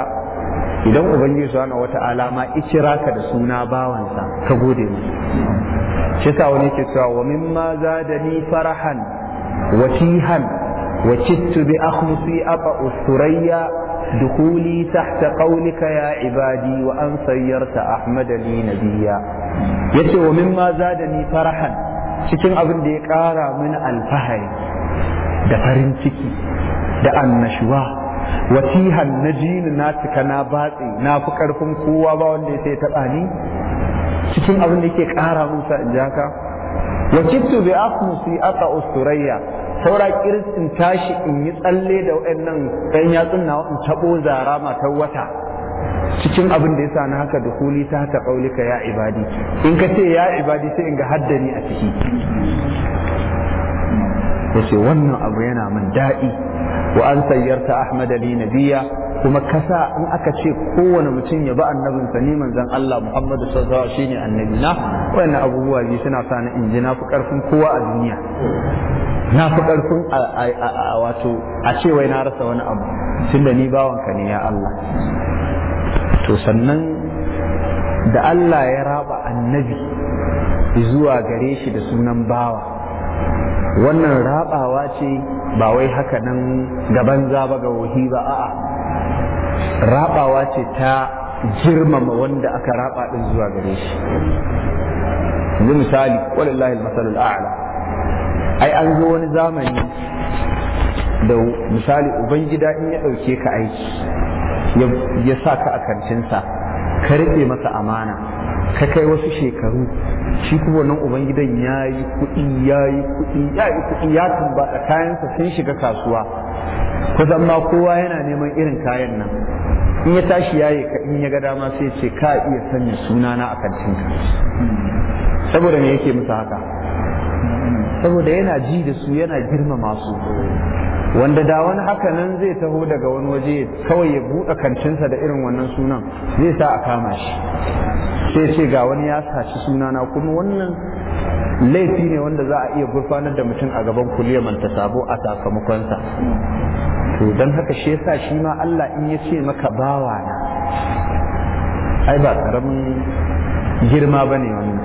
idan ubangiji subhanahu wata'ala ma ikira ka da suna bawansa ka gode masa shi sa wani ke cewa wa mimma zadani farahan wa tihan wa kittu bi akhmusi aba usturayya دخولي تحت قولك يا عبادي وأن صيرت أحمد لي نبيا يتي ومما زادني فرحا cikin abin da ya ƙara mini alfahari da farin ciki da annashuwa watihan na jini na cika na batse na fi ƙarfin kowa ba wanda ya sai taɓa ni cikin abin da yake ƙara musa in jaka haka wakittu bi afmusi aka usturayya saura kirsin tashi in yi tsalle da waɗannan ɗan yatsun na in taɓo zara matar wata cikin abin da ya sa na haka da kuli ta ta kaulika ya ibadi in ka ce ya ibadi sai in ga haddani a ciki yace wannan abu yana min daɗi wa an sayyarta ahmad ali nabiyya kuma kasa in aka ce kowane mutum ya ba annabin sa ni manzon Allah Muhammadu sallallahu alaihi shine annabi na wannan abubuwa biyu suna sa ni in ji na fi karfin kowa a duniya na fi karfin wato a ce wai na rasa wani abu tunda ni bawanka ne ya Allah to sannan da Allah ya raba annabi zuwa gare shi da sunan bawa wannan rabawa ce ba wai haka nan gaban zaba ga wahi ba a'a rabawa ce ta girmama wanda aka raba din zuwa gare shi yanzu misali wallahi al-masalul a'la ai an zo wani zamani da misali ubangida in ya ɗauke ka aiki ya sa ka a kancinsa ka riƙe masa amana ka kai wasu shekaru shi kuma nan ubangidan ya yi kuɗi ya yi kuɗi ya yi kuɗi ya tumbaɗa kayansa sun shiga kasuwa kusan ma kowa yana neman irin kayan nan in ya tashi yaye ka in ya ga dama sai ce ka iya sanya sunana a kancinka. saboda me yake musu haka saboda yana ji da su yana girmama su wanda da wani haka nan zai taho daga wani waje kawai ya buɗe kancinsa da irin wannan sunan zai sa a kama shi sai ce ga wani ya saci sunana kuma wannan laifi ne wanda za a iya gurfanar da mutum a gaban kuliyar manta sabo a sakamakonsa to don haka shi yasa shi ma Allah in ya ce maka bawa na ai ba karamin girma ba ne wannan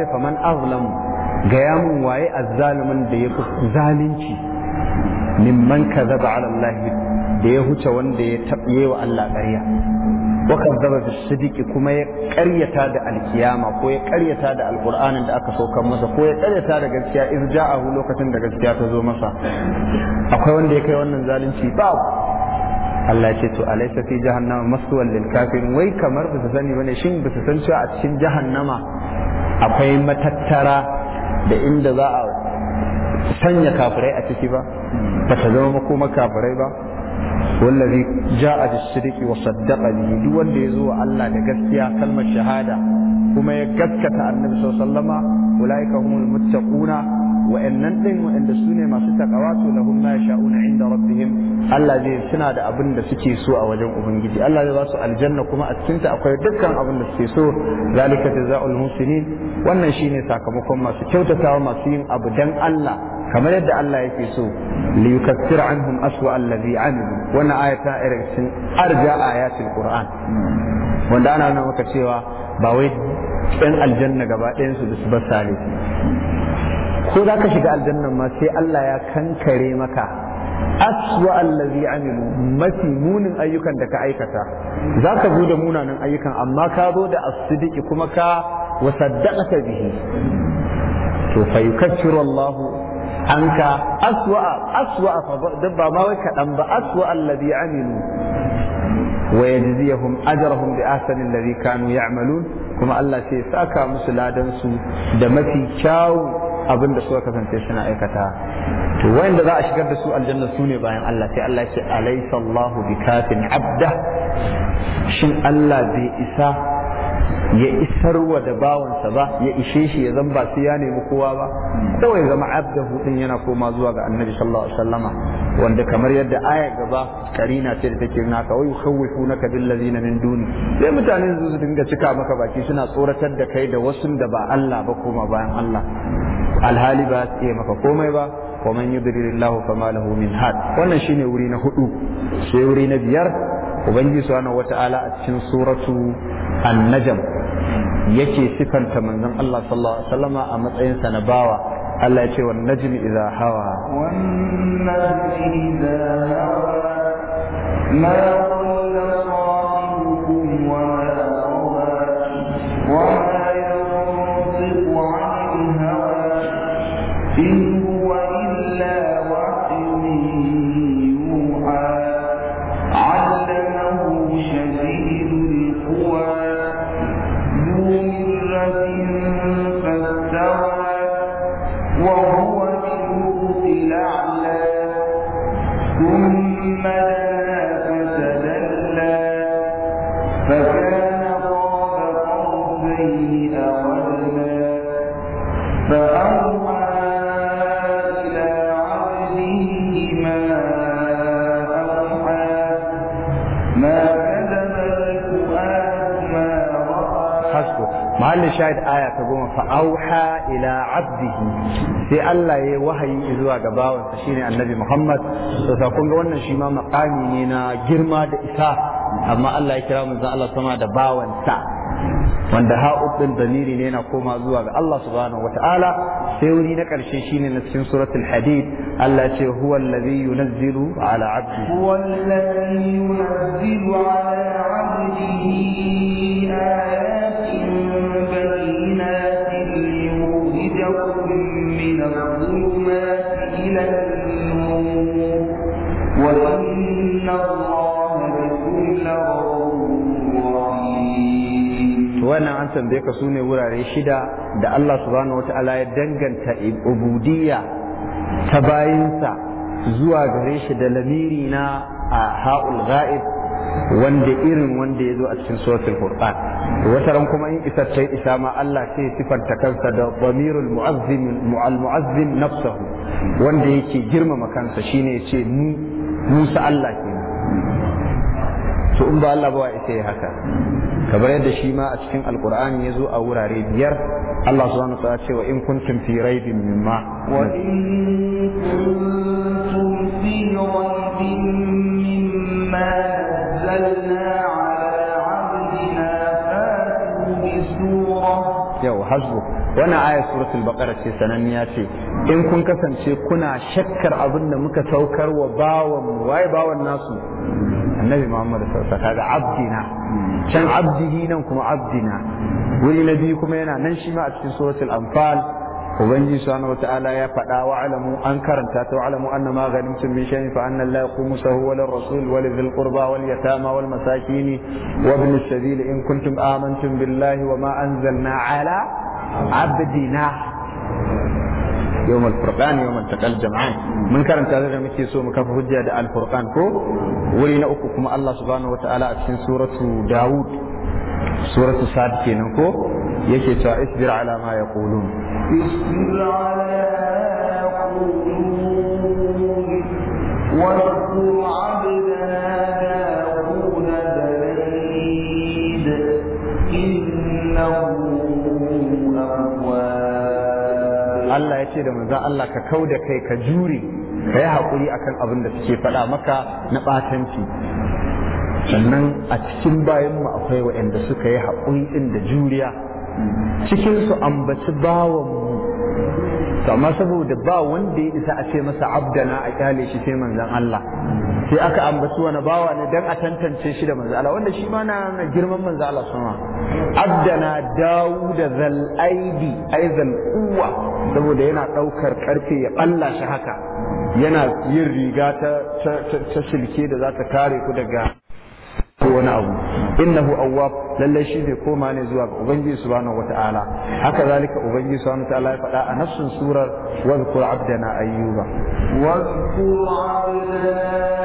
ce faman azlam gaya mun waye azzalumin da ya fi zalunci mimman kazaba ala Allah da ya huce wanda ya taɓe wa Allah ƙarya wa zaba bisidiki kuma ya ƙaryata da alkiyama ko ya ƙaryata da alqur'anin da aka saukan masa ko ya ƙaryata da gaskiya in iz a lokacin da gaskiya ta zo masa akwai wanda ya kai wannan zalunci ba. Allah ce to alaysa fi jahannama maswal lil kafirin wai kamar ba su sani bane shin ba su san cewa a cikin jahannama akwai matattara da inda za a sanya kafirai a ciki ba ba ta zama makoma kafirai ba wallazi ja a sidqi wa saddaqa bihi duk wanda zo wa Allah da gaskiya kalmar shahada kuma ya gaskata annabi sallallahu alaihi wasallama ulaika humul muttaquna wa'annan din wa'anda su ne masu takawa to lahum ma sha'una inda rabbihim Allah zai suna da abin da suke so a wajen ubangiji Allah zai ba su aljanna kuma a cikin ta akwai dukkan abin da suke so zalika jazaa'ul muslimin wannan shine sakamakon masu kyautatawa masu yin abu dan Allah kamar yadda Allah yake so li yukaffir anhum aswa allazi amilu wannan ayata irin sun arja ayatul qur'an wanda ana nuna maka cewa ba wai ɗan aljanna gaba ɗayan su da su ba salihi ko za ka shiga aljannan ma sai Allah ya kankare maka aswa allazi amilu mafi munin ayyukan da ka aikata za ka zo da munanan ayyukan amma ka zo da asidiki kuma ka wasaddaqata bihi to fa yukaffiru Allah anka aswa aswa ba ma wai kaɗan ba aswa allazi amilu ويجزيهم أجرهم بأحسن kuma allah sai كما الله سيساكا مسلادا da mafi شاو abin da suka kasance suna aikata to wanda za a shigar da su aljanna su ne bayan Allah sai Allah ce alaysa Allahu bikafin abda shin Allah bai isa ya isarwa da bawansa ba ya ishe shi ya zamba sai ya nemi kowa ba kawai zama abdahu din yana koma zuwa ga annabi sallallahu alaihi wasallama wanda kamar yadda aya gaba karina ce da take nuna ka wayu khawwifunaka bil ladina min duni sai mutanen su dinga cika maka baki suna tsoratar da kai da wasu da ba Allah ba koma bayan Allah alhali ba sai maka komai ba wa man yudrilillahu fama lahu min had wannan shine wuri na hudu sai wuri na biyar ubangiji subhanahu wata'ala a cikin suratu annajam yake sifanta manzon Allah sallallahu alaihi wasallama a matsayin sa na bawa Allah ya ce wan najmi idza hawa wan najmi idza hawa ma mahallin shahid aya ta goma fa auha ila abdihi sai Allah ya wahayi zuwa ga bawansa ne annabi Muhammad to kun wannan shi ma makami ne na girma da isa amma Allah ya kira manzon Allah sama da bawansa wanda ha ha'udin damiri ne na koma zuwa ga Allah subhanahu wata'ala sai wuri na karshe shine na cikin suratul hadid Allah ce huwa allazi yunzilu ala abdi huwa allazi yunzilu ala abdihi ayatin bayyinatin liyukhrijakum min adh-dhulumati wayannan an tambaye ka sune wurare shida da Allah subhanahu wata'ala ya danganta ubudiyya ta bayinsa zuwa gare shi da lamiri na a ha'ul ghaib wanda irin wanda ya zo a cikin suratul qur'an wata ran kuma in isa ta isa ma Allah sai sifanta kansa da damirul mu'azzim al mu'azzim nafsuhu wanda yake girmama kansa shine yace mu Musa Allah kenan to in ba Allah ba ya haka kamar yadda shi ma a cikin alkur'ani ya zo a wurare biyar Allah subhanahu wa ta'ala ce wa in kuntum fi raibin mimma wa in kuntum fi raibin mimma nazzalna ala abdina fatu bi sura yau hasbuk wannan ayar suratul baqara ce sananniya ce in kun kasance kuna shakkar abin da muka saukar wa bawan mu waye bawan nasu annabi muhammad sallallahu alaihi wasallam abdina can abdihi nan kuma abdina wuri na biyu kuma yana nan shi ma a cikin suratul anfal ubangiji subhanahu wataala ya faɗa wa alamu an karanta ta wa alamu anna ma ghanimtum min shay'in fa anna allaha khumsahu wa rasul wa lidhil qurba wal yatama wal masakin wa ibn as-sabil in kuntum amantum billahi wa ma anzalna ala abdina يوم الفرقان يوم التقى الجمعان من كان تعالى مكي سو مكف حجة الفرقان كو ولينا أكو الله سبحانه وتعالى في سورة داود suratu sad kenan ko yake cewa isbir ala ma yaqulun isbir ala Allah ya ce da manzan Allah ka da kai ka jure ka yi haƙuri akan abin da suke faɗa maka na ɓatanci sannan a cikin bayanmu akwai waɗanda suka yi haƙuri ɗin da juriya cikinsu ambaci bawanmu amma saboda ba wanda ya isa a ce masa abdana a kyale shi sai manzan Allah sai aka ambaci wani bawa ne dan a tantance shi da manzo Allah wanda shi ma na girman manzo Allah sama abdana dawu zal aidi aizal uwa saboda yana ɗaukar ƙarfe ya ɓalla shi haka yana yin riga ta ta silke da za ta kare ku daga ko wani abu innahu awwab lallai shi ne koma ne zuwa ga ubangiji subhanahu wata'ala haka zalika ubangiji subhanahu wata'ala ya faɗa a nafsin surar wa zkur abdana ayyuba wa zkur abdana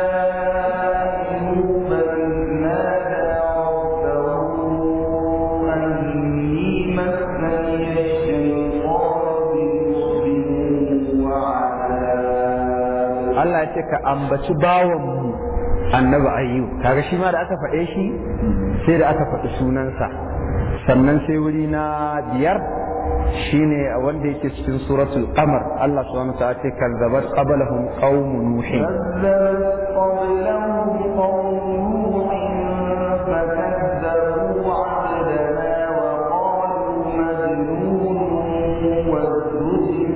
Allah ya ce ka ambaci bawan. annabi ayyu kaga shi ma da aka faɗe shi sai da aka faɗi sunansa sannan sai wuri na biyar shine wanda yake cikin suratul qamar Allah subhanahu wa ta'ala ce kazzabat qablahum qaum nuhin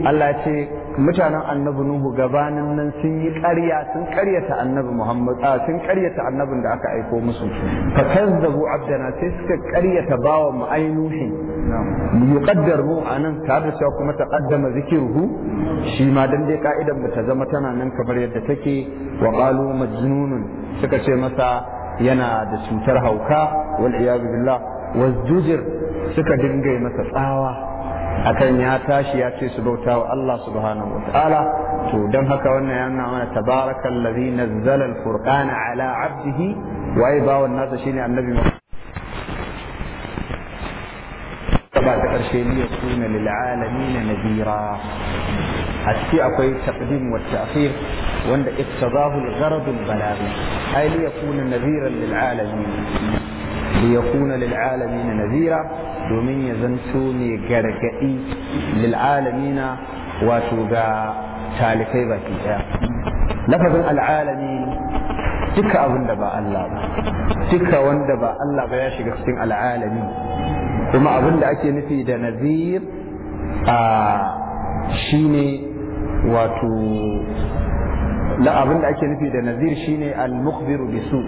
Allah ce mutanen annabi nuhu gabanin nan sun yi ƙarya sun ƙaryata annabi muhammad a sun ƙaryata annabin da aka aiko musu fa kazzabu abdana sai suka ƙaryata bawan mu ainuhi yuqaddar mu anan tare ta cewa kuma taqaddama zikirhu shi ma dan dai ka'idan mu ta zama tana nan kamar yadda take wa qalu majnunun suka ce masa yana da cutar hauka wal iyad billah wasjujir suka dinga masa tsawa akan ya tashi ya ce su bauta wa Allah subhanahu wa ta'ala to don haka wannan ya nuna mana tabarakal ladhi nazzala al-furqana ala 'abdihi wa bawan nasa shine annabi ba ta karshe ne suna lil alamin nadira a ciki akwai taqdim wa ta'khir wanda iktazahu al-gharad al-balaghi ay li yakuna nadiran lil alamin liyakuna lil na nazira domin ya zanto ne gargaɗi lil na wato ga talikai baki daya lafazin al'alami duka abin ba Allah ba duka wanda ba Allah ya shiga cikin al'alami kuma abin ake nufi da nazir a shine wato ake nufi da nazir shine al bisu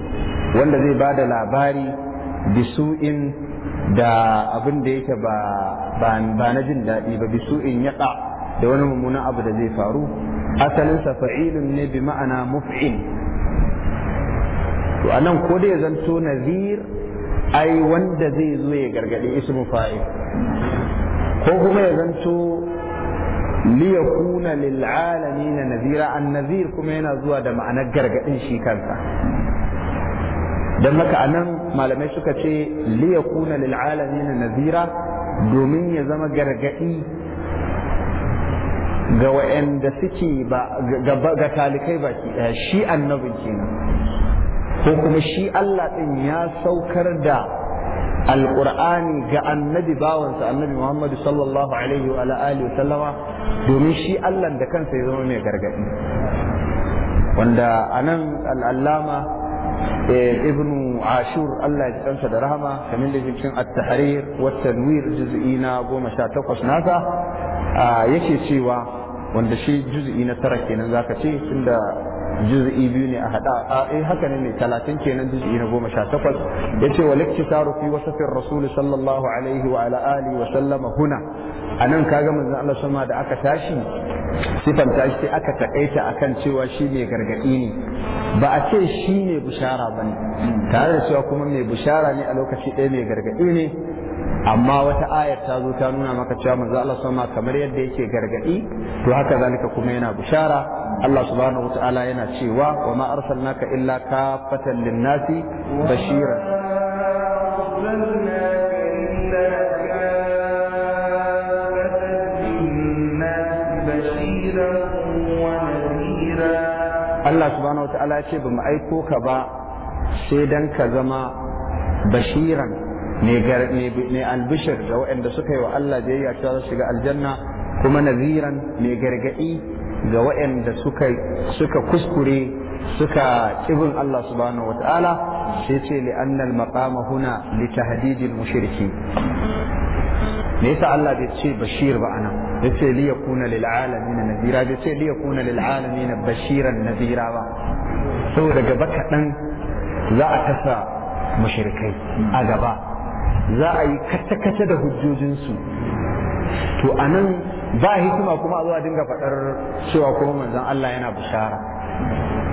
wanda zai ba da labari bisu'in da abin da yake ba na jin daɗi ba bisu'in ya da wani mummunan abu da zai faru asalinsa fa'ilun ne bi ma'ana mufin to anan ko da ya zanto nazir ai wanda zai zo ya gargaɗi ismu fa'il ko kuma ya zanto liyakuna na nazira an nazir kuma yana zuwa da ma'anar gargadin shi kansa don maka anan malamai suka ce liyakuna lil alamin nazira domin ya zama gargadi ga wa'anda suke ba ga talikai baki shi annabin kenan ko kuma shi Allah din ya saukar da alƙur'ani ga annabi bawansa annabi muhammadu sallallahu alaihi wa alihi sallama domin shi allah da kansa ya zama mai gargaɗi wanda anan nan al'allama eh, ibnu ashur Allah ya kansa da rahama kamar da cikin at-tahrir wa tanwir juz'i na 18 nasa yake cewa wanda shi juz'i na tara kenan zaka ce tunda juz'i biyu ne a hada a eh haka ne ne talatin kenan juz'i na goma sha takwas yace wa liktisaru fi wasafin rasul sallallahu alaihi wa ala alihi wa sallama huna anan kaga manzon Allah sama da aka tashi Sifan tashi shi aka takaita akan cewa shi mai gargadi ne ba a ce shi ne bushara bane tare da cewa kuma mai bushara ne a lokaci ɗaya mai gargadi ne amma wata ayar ta zo ta nuna maka cewa manzo Allah sama kamar yadda yake gargadi to haka zalika kuma yana bushara Allah subhanahu wataala yana cewa wa ma arsalnaka illa kafatan lin-nasi bashiran Allah subhanahu wataala ya ce ba mu aiko ka ba sai dan ka zama bashiran mai albishir da waɗanda suka yi wa Allah jayya cewa za shiga aljanna kuma naziran mai gargaɗi ga waɗanda suka suka kuskure suka kibin Allah subhanahu wata'ala sai ce li'annal maqama huna li tahdidil mushriki me yasa Allah bai ce bashir ba anan yace li yakuna lil alamin nadira bai ce li yakuna lil alamin bashiran nadira ba saboda gaba kaɗan za a kasa mushrikai a gaba za a yi kata kata da hujjojinsu to anan ba hikima kuma a zuwa dinga faɗar cewa kuma manzon Allah yana bishara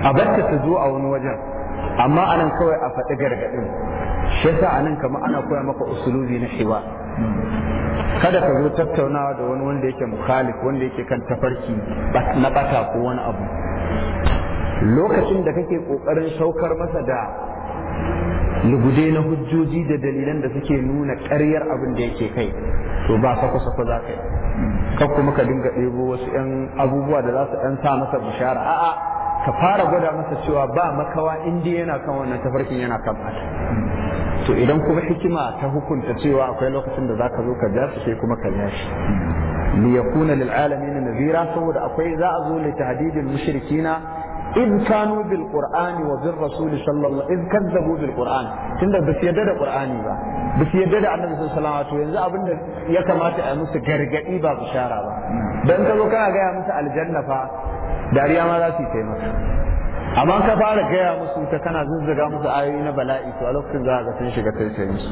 a barka ta zo a wani wajen amma anan kawai a faɗi gargaɗin shi yasa anan kamar ana koya maka usulubi na shiwa kada ka zo tattaunawa da wani wanda yake mukhalif wanda yake kan tafarki na bata ko wani abu lokacin da kake kokarin saukar masa da lugude na hujjoji da dalilan da suke nuna ƙaryar abin da yake kai to ba sako sako za ka kar kuma ka dinga ɗebo wasu 'yan abubuwa da za su ɗan sa masa bishara a'a ka fara gwada masa cewa ba makawa indi yana kan wannan tafarkin yana kan bata to idan kuma hikima ta hukunta cewa akwai lokacin da zaka zo ka ja sai kuma ka ja shi li yakuna lil alamin nadhira saboda akwai za a zo li tahdidil mushrikina in kanu bil qur'ani wa bir rasul sallallahu in kadzabu bil qur'an tunda ba su yarda da qur'ani ba ba su yarda da annabi sallallahu alaihi wasallam yanzu abin da ya kamata a musu gargadi ba bishara ba dan ka zo kana gaya musu aljanna fa dariya ma za su yi maka amma ka fara gaya musu ta kana zuzzaga musu ayoyi na bala'i to a lokacin za ga sun shiga taisayin su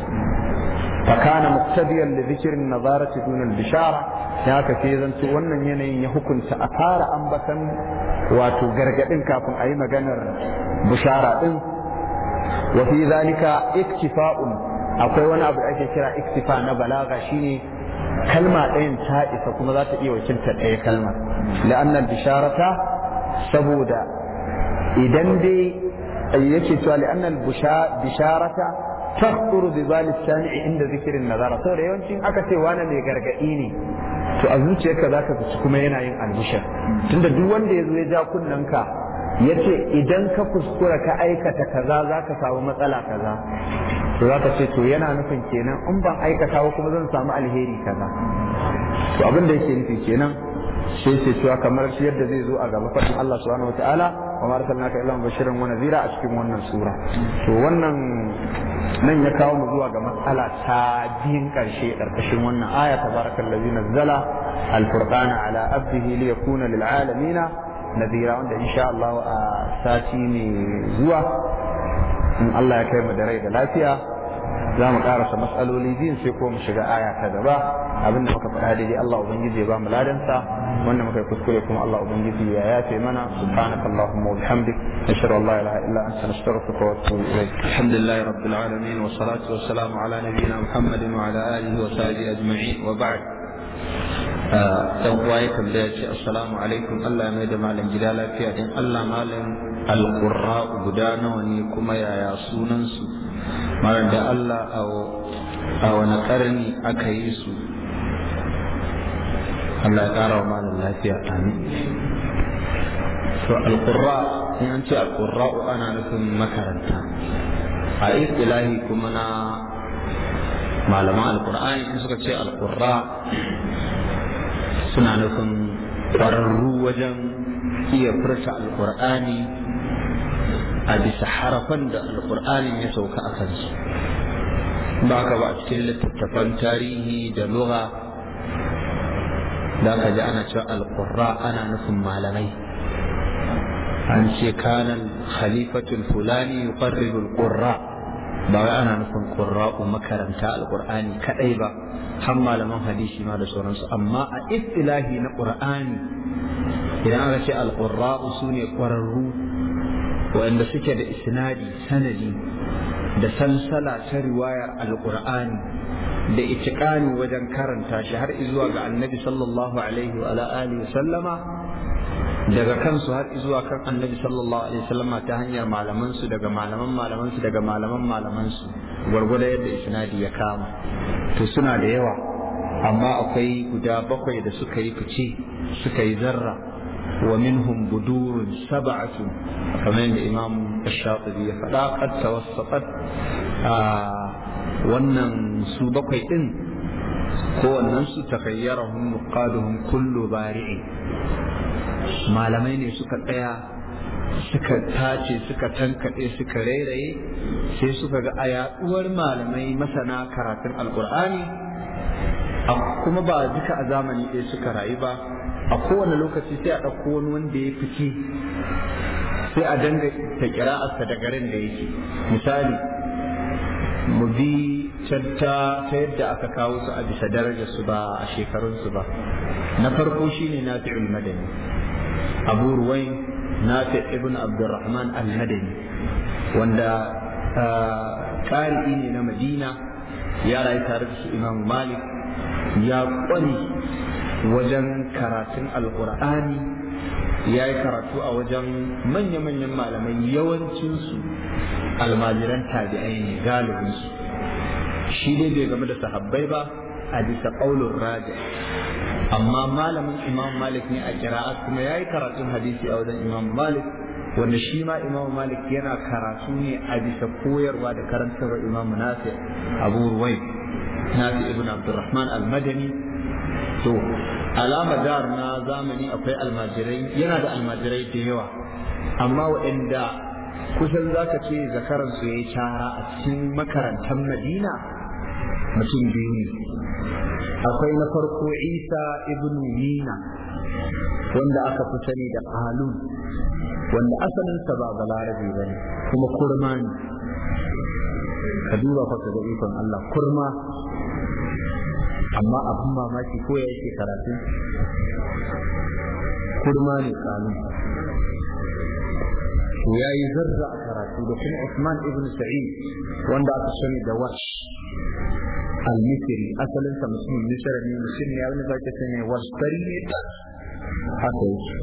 فكان مقتديا لذكر النظارة دون Bishara, ya ka ce zan wannan yanayin ya hukunta a fara ambatan wato gargadin kafin a yi maganar bishara din wa fi zalika akwai wani abu da ake kira iktifa na balaga shine kalma ɗayan ta isa kuma za ta iya wakiltar ɗaya kalma la'annan bisharata saboda idan dai yake cewa la'annan bisharata tahquru bi bali sami'i inda zikirin nazara saboda yawancin aka ce wani mai gargaɗi ne to a zuciyarka zaka fici kuma yana yin albishar tunda duk wanda ya zo ya ja kunnen ka. ya ce idan ka kuskura ka aikata kaza za ka samu matsala kaza to za ka ce to yana nufin kenan in ban aikata ba kuma zan samu alheri kaza to abin da yake nufi kenan sai ce cewa kamar shi yadda zai zo a gaba faɗin Allah subhanahu wataala wa ma arsalnaka illa mubashiran wa nadhira a cikin wannan sura to wannan nan ya kawo mu zuwa ga matsala ta biyun karshe karkashin wannan aya tabarakallazi nazzala al-furqana ala abdihi liyakuna lil alamina nazira wanda insha Allah a sati ne zuwa in Allah ya kai mu da rai da lafiya za mu karasa matsaloli biyun sai ko mu shiga aya ta gaba abin da muka faɗa daidai Allah ubangiji ya ba mu ladansa wanda muka kuskure kuma Allah ubangiji ya yafe mana subhanakallahumma wa bihamdik nashhadu an la ilaha illa anta nastaghfiruka wa atubu ilayk alhamdulillahi rabbil alamin wa salatu wa salam ala nabiyyina muhammadin wa ala alihi wa sahbihi ajma'in wa ba'd dan uwa ya tambaya ce assalamu alaikum Allah mai da malam gida lafiya din Allah malam alqurra guda nawa ne kuma yaya sunan su malam da Allah a wani karni aka yi su Allah ya kara wa malam lafiya amin to alqurra in an ce alqurra ana nufin makaranta a ilahi kuma na malaman alqur'ani in suka ce alqurra suna nufin ƙwararru wajen iya furta alƙur'ani a bisa harafan da alƙur'anin ya sauka a kansu ba ka ba a cikin littattafan tarihi da lura da ka ji ana cewa alƙurra ana nufin malamai an ce kanan khalifatul fulani yuqarribu alqurra ba wai ana nufin ƙurra'u makaranta Alƙur'ani kadai ba har malaman hadisi ma da sauransu amma a istilahi na ƙur'ani. idan aka ce alqurra'u sune ƙwararru wanda suke da isnadi sanadi da sansala ta riwayar Alƙur'ani da itiqani wajen karanta shi har zuwa ga annabi sallallahu alaihi wa alihi sallama daga kansu har zuwa kan annabi sallallahu alaihi wasallam ta hanyar malamansu daga malaman malamansu daga malaman malamansu su gwargwada yadda isnadi ya kama to suna da yawa amma akwai guda bakwai da suka yi fice suka yi zarra wa minhum budurun sab'atu kamar yadda imam ash-shatibi ya faɗa qad tawassaqat ah, wannan su bakwai din kowannen su takayyarahum muqaduhum kullu bari'in malamai ne suka tsaya suka tace suka tankaɗe suka rairaye sai suka ga a yaɗuwar malamai masana karatun alkur'ani kuma ba duka a zamani ɗaya suka rayu ba a kowane lokaci sai a ɗauko wani wanda ya fice sai a danga ta kira'arsa da garin da yake misali mu bi ta yadda aka kawo su a bisa darajarsu ba a shekarunsu ba na farko shine nafi'ul madani abu ruwai nafi ibn abdurrahman al-madani wanda ah, ƙari'i ne na madina ya rayu tare da su imam malik ya ƙware wajen karatun alƙur'ani ya yi karatu a wajen manya-manyan malamai yawancinsu almajiran tabi'ai ne galibinsu shi ne bai game da sahabbai ba a bisa ƙaunar raja amma malamin imam malik ne a kira'at kuma ya yi karatun hadisi a wajen imam malik wanda shi ma imam malik yana karatu ne a bisa koyarwa da karantar imam nafi abu ruwai nafi ibn abdurrahman al-madani to alama dar na zamani akwai almajirai yana da almajirai da yawa amma waɗanda kusan za ka ce zakaransu ya yi cara a cikin makarantar madina mutum biyu ne akwai na farko isa ibn yina wanda aka fi sani da halun wanda asalinsa ba balarabe ba ne kuma kurma ne ka duba fa ga ikon Allah kurma amma abin mamaki ko ya yake karatu kurma ne kanun وياي زرع كراتي لكن عثمان ابن سعيد وان بعد السنة دواش المصري أصلا انت مسلم مصر من مسلم يعني بعد السنة واشتريت haka yake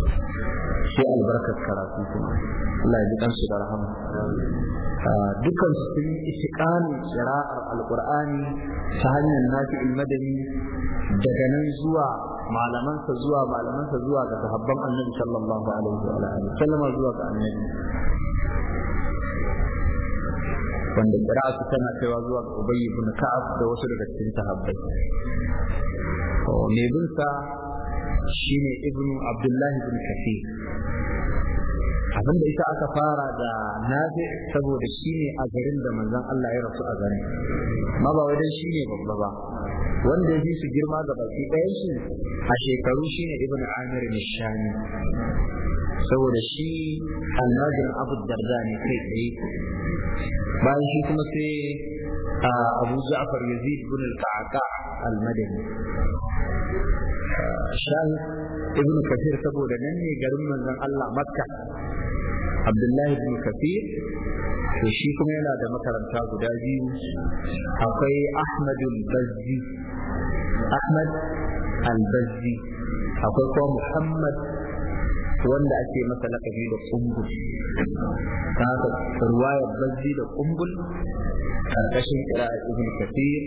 shi albarkar karatu kuma Allah ya ji kansu da rahama ah, dukkan su sun yi istiqami qira'ar alqur'ani ta hanyar nafi'il madani daga nan zuwa malamansa zuwa malamansa zuwa ga sahabban annabi sallallahu alaihi wa alihi sallama zuwa ga annabi wanda qira'atu tana cewa zuwa ga ubayy ibn ka'ab da wasu daga cikin sahabbai to ne bin sa shine ibn abdullahi bin kathir abin da ita aka fara da nafi saboda ne a garin da manzan Allah ya rasu a garin ma ba shi ne babba ba wanda ya fi su girma ga baki ɗayan shi a shekaru shine ibn amir nishani saboda shi annajin abu darda ne kai tsaye bayan shi kuma sai ah, abu ja'far yazid ibn al-qa'qa' al-madani shahid ibn kafir saboda nan ne garin manzon Allah makka abdullahi ibn kafir to shi kuma yana da makaranta guda biyu akwai al bazzi ahmad al-bazzi akwai kuma muhammad wanda ake masa lakabi da kumbul ta haka ruwayar bazzi da kumbul karkashin kira ibn kafir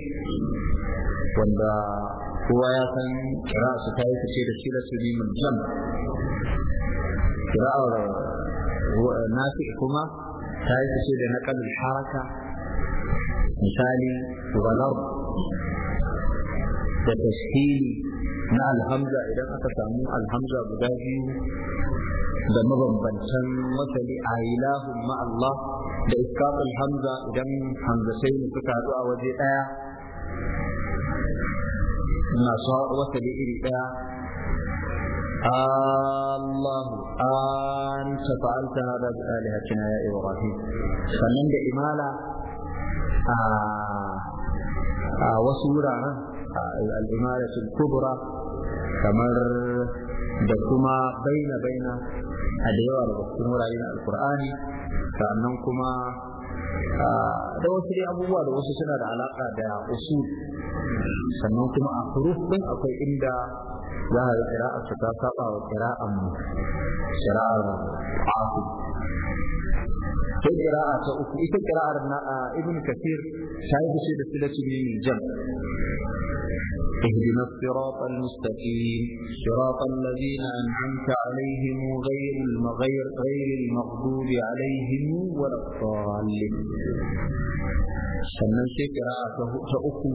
wanda kowa ya san su ta yi fice da shi da su ne mun jam na fi kuma ta yi fice da naƙalin haraka misali walar da tashkili na alhamza idan aka samu alhamza guda biyu da mabambantan masali a ilahun ma'allah da iskafin hamza idan sai suka haɗu a waje ɗaya masu wasa da iri ɗaya Allah an tafa'alta hada bi alihatina ya Ibrahim sannan da imala a wasu wuraren al'imalatul kubra kamar da kuma baina baina a da yawa daga cikin wurare na alkur'ani sannan kuma da wasu dai abubuwa da wasu suna da alaƙa da usul sannan kuma a huruf din akwai inda za a yi kira'ar su ta saba wa kira'ar mu shira'ar Ta sai kira'a ta uku ita kira'ar na ibn kasir ta yi da silatu min jam اهدنا الصراط المستقيم صراط الذين أنعمت عليهم غير المغير غير المغضوب عليهم ولا الضالين سنن سي قراءة فأخو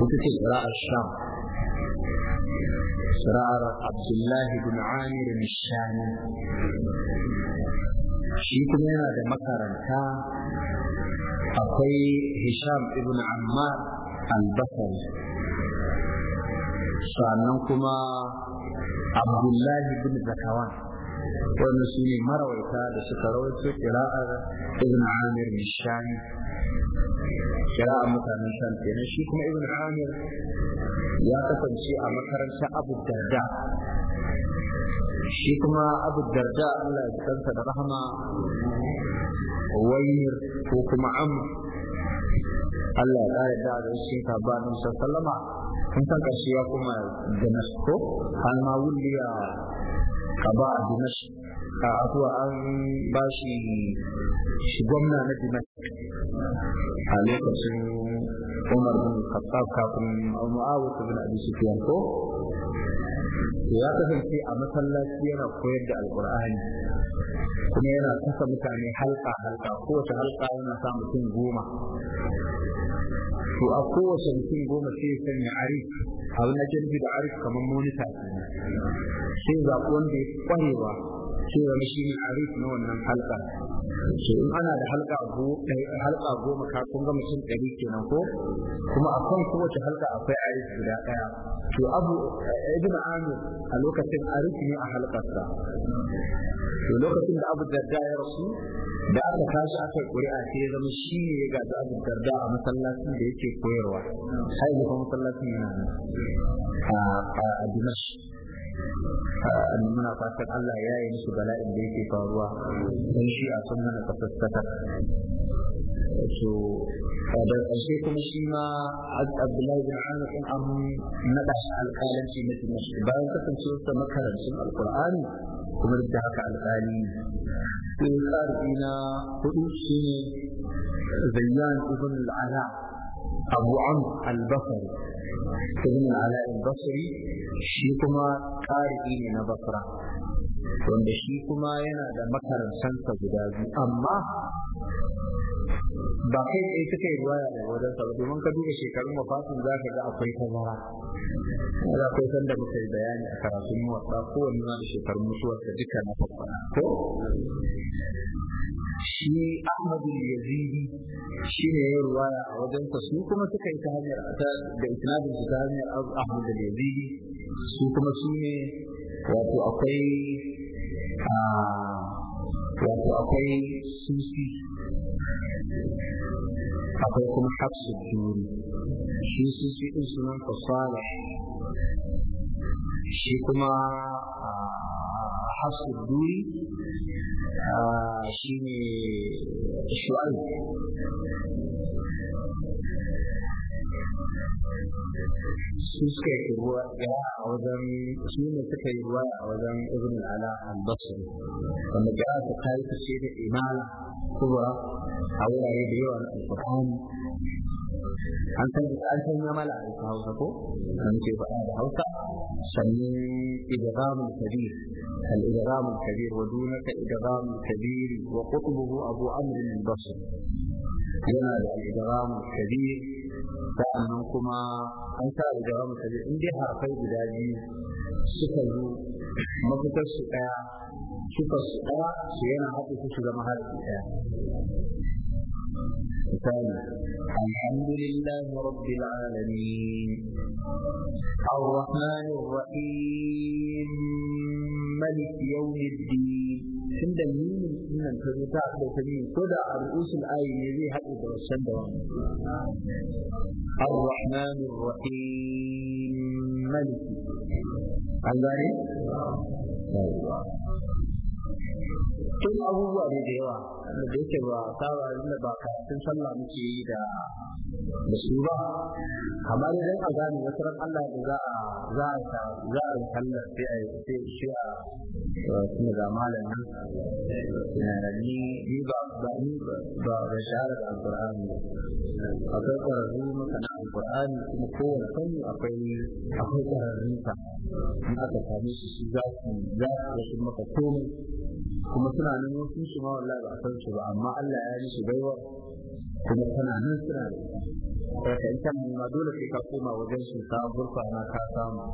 قلت في قراءة الشام قراءة عبد الله بن عامر الشامي شيكم هذا مكرم كان أخي هشام بن عمار البصري sannan kuma abdullahi bin zakawan wanda su ne marawaita da suka rawaito kira'ar ibn amir nishani kira'ar mutanen shan kenan shi kuma ibn amir ya kasance a makarantar abu darda shi kuma abu darda allah ya kanta da rahama wainir ko kuma am allah ya kare da a cikin sabanin sallama kun san ƙarshe ya kuma damask ko har ma wulliya kaba a damask a afuwa an ba shi shi gwamna na damask a lokacin umar bin khattab kafin mu'awiyah bin abi sufyan ko ya kasance a masallaci yana koyar da alkur'ani kuma yana kasa mutane halka halka kowace halka yana sa mutum goma to a kowace mutum goma sai ya sanya arif abu na jirgi da arif kamar monita sai zaɓi wanda ya kwarewa sai wani shi ne arif na wannan halka So in ana da halka eh, halka goma ka kun ga mutum ɗari kenan ko kuma a kan kowace halka akwai arif guda ɗaya to abu eh, ibn amir a lokacin arif ne a halkarsa to lokacin da abu da ya rasu da aka tashi aka ƙuri'a sai ya zama shi ne ya gaji abu darda a masallacin da yake koyarwa sai da kuma masallacin yana a dimash muna fatan Allah ya yi musu bala'in da yake faruwa don shi a sun mana kafaskatar to da ƙarshe kuma shi ma abdullahi bin amir din an naɗa shi alƙalanci mutum shi bayan kasancewarsa makarancin alƙur'ani kuma duk da haka alƙali sai tsari na hudu shi ne zayyan ibn al'ala abu amr al-basri ibn al'ala al-basri shi kuma ƙari ne na basra wanda shi kuma yana da sa guda biyu amma ba kai tsaye suka yi ruwaya da wajen sa domin ka duba shekarun wafatin za ka ga akwai tazara da kai san da muka yi bayani a karatun wasa kowanne na da shekarun mutuwarsa duka na faɗa ko shi Ahmadu Yazidi shi ne ya ruwaya a wajen sa su kuma suka yi ta hanyar ta da isnadin su ta hanyar Ahmad Yazidi su kuma su ne wato akwai Ah, wato akwai sufi akwai kuma hafsu duri shi sufi din sunan ka shi kuma ah, hafsu duri ah, shi ne shu'aib su suka yi ruwa a wajen su ne suka yi ruwa a wajen ibn ala al-basri wanda kira ta kai ta ce da imala kuma a wurare da yawa na alƙur'ani an san an san yamala a ita hausa ko an ce faɗa da hausa sannan idramul kabir al-idramul kabir wa dunaka idramul kabir wa qutbuhu abu amr al yana da al kabir sa'annan kuma an sa al kabir in dai harfai guda biyu suka zo mafitar su daya suka su daya su yana haɗe su zama harfi daya ثاني الحمد لله رب العالمين الرحمن الرحيم ملك يوم الدين tunda mimin sunan ta zo ta da ta ko da a rusul ayi ne zai haɗu da wasan da wannan ar-rahman ar-rahim maliki an gane tun abubuwa ne da yawa da da yake ba ta saba da ba sun sallah muke yi da da su ba amma dai dan a gane wata ran Allah da za a za a ta za a sallar sai a sai shi a kuma da malam nan ni ni ba ba ni ba da shahara da alqur'ani akwai kwararru masana alqur'ani kuma kowane fanni akwai akwai kwararrun sa in aka same shi za su za su maka komai kuma suna nan wasu su ma wallahi ba san su ba amma Allah ya yi su baiwa kuma suna nan suna da ita ka ita mun ma dole sai ka koma wajen su ka gurfa na ka samu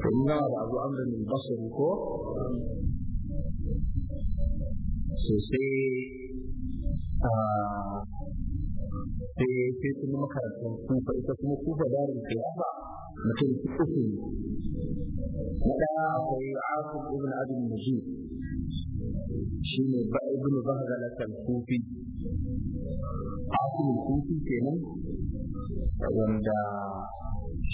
to in da abu amrin min basir ko sosai sai sai sun makarantar fa ita kuma ku kufa darin kiyafa mutum uku ne na ɗaya akwai asim ibn abin mujib shi ne ba ibn bahgalatan kufi asul kufi kenan wanda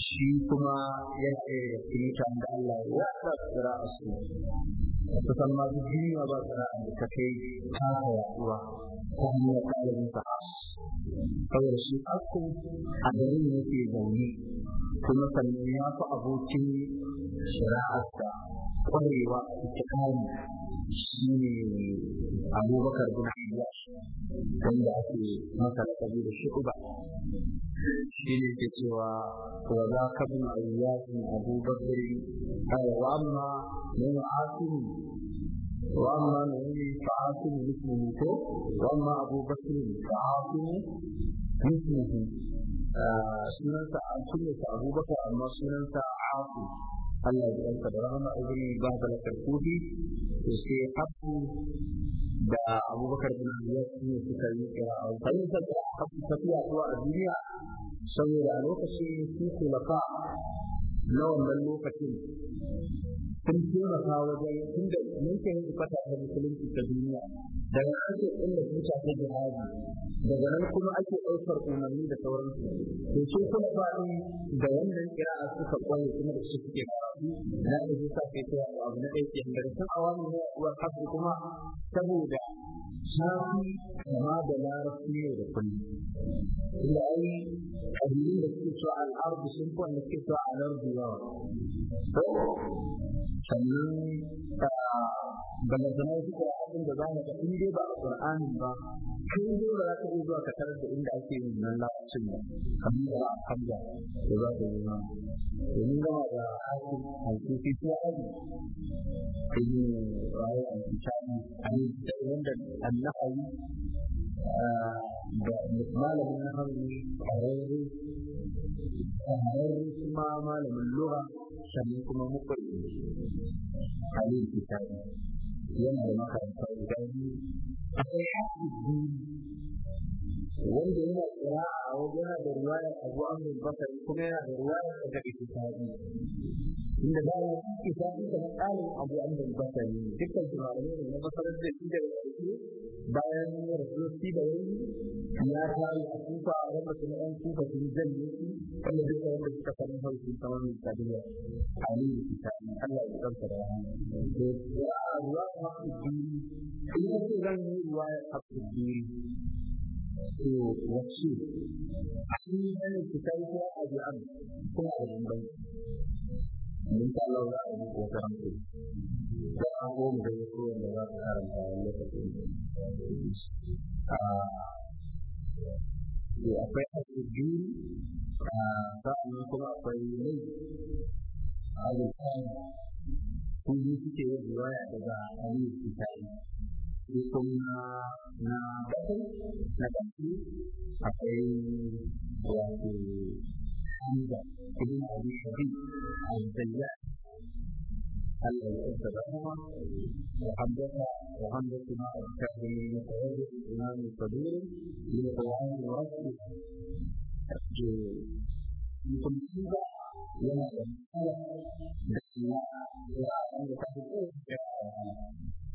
shi kuma yana ɗaya da cikin mutanen da Allah ya ba su a su kusan ma su duniya ba sana'a da ta kai ta ko yaduwa ta hanyar ɗalibin Ta saboda shi akko a garin yake zaune kuma sannan ya fi abokin shira'arsa kwarewa a itikali shi ne abubakar bin hajjia wanda ake masa lakabi da shu'uba shi ne ke cewa wa za ka bin ayyasin abubakar wa amma min asim wa amma min fa'asim ismuhu ko wa amma abubakar fa'asim ismuhu a ah, sunansa abubakar amma a asim Allah ya yanka da rahama ibn ba da kufi to sai abu da abubakar bin Abdullah ne suka yi amfani da abu tafiya zuwa a duniya saboda a lokacin su kulafa na wannan lokacin sun taimaka wajen tun da yankin fata ta musulunci ta duniya daga ake kulla tuta ta jihadi daga nan kuma ake ɗaukar umarni da sauransu to su kuma ba da wannan kira'a suka kwaye kuma da su suke karatu na da su sake cewa abu na ɗaya kenan daga san awamin ne wa hafi kuma saboda shafi kama da larabci ne da kullum da ai ƙabilun da suke cewa al'ardu sun kwanne suke cewa al'ardu yawa sannan ballantana wasu ƙura'atun da za mu ga in dai ba a ƙura'anin ba kai dai ba za ka iya zuwa ka tarar da inda ake yin nan lafacin ba kamar da hamza da za ka yi ma domin gama da aikin alƙoƙi ko aji kai ne rayuwa a cikin shani a ne da wanda yi? da malamin na hauri kwararre kwararre kuma malamin lura sannan kuma mukwai halin kitabi yana da makaranta guda biyu akwai haƙiƙi wanda yana kira a wajen da ruwaya abu bakari kuma yana da ruwaya daga kitabi inda za a yi ta ita na tsarin abu an da basari dukkan su malamai ne na basarar da shi da rasu bayan rasulci da wani ya kare a kufa wanda su ɗan kufa sun zan yi wanda duka wanda suka sanin hausu ta wani kadiya a ne da allah ya ɗauka da hannu da a ruwa ma su jiri ya ce zan yi ruwa ya hafi jiri to wasu a cikin hannun su ko a bi'an a Minta Allah ini kurang itu. aku mendengarku adalah sekarang saya seperti Di ah, ya, apa yang aku tak mampu apa ini. Aku kan puji kita dua adalah ini kita ini. Hukum na na apa apa yang di حمزة بن أبي شبيب الزيات الذي أسد عمر وحدث وحدث مع الشعبي بن مسعود الإمام الكبير لقرآن ربه يكون فيها لما يمثل بين وعن تحقيق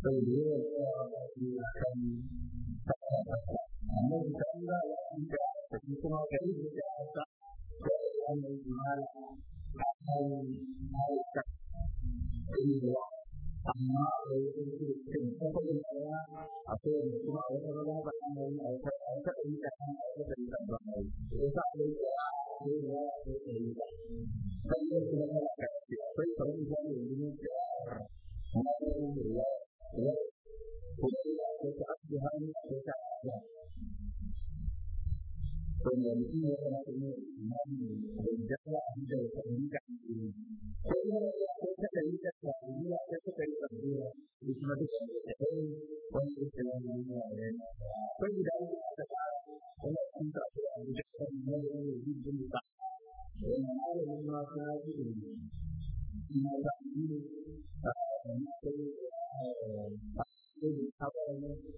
فالبيوت كان فقد أمر كان لا يمكن أن تكون كريمة anh em mà là thầy hay tập đi được tầm nó ở trình không có gì ở trên chúng nó ở nó có và anh em ở thật ở rất ý là anh ở cái trình tầm đoàn này để phát đi là đi ra để thì bây giờ chúng ta là cái chuyện với tổng như thế này như thế này là cũng là cái xã hội như thế này Tôi nhớ những người con tôi nhớ năm người mình rất là ấn tượng trong những cảnh thì tôi nhớ là tôi rất là rất là những là tôi rất là rất là vì mà tôi sẽ để quay cái sự những người lên có gì đâu là ta cũng là chúng ta sẽ làm được trong nơi người đi trên địa bàn để mà nói là mình lo cho cái gì mà bạn như là những cái cái gì sau đây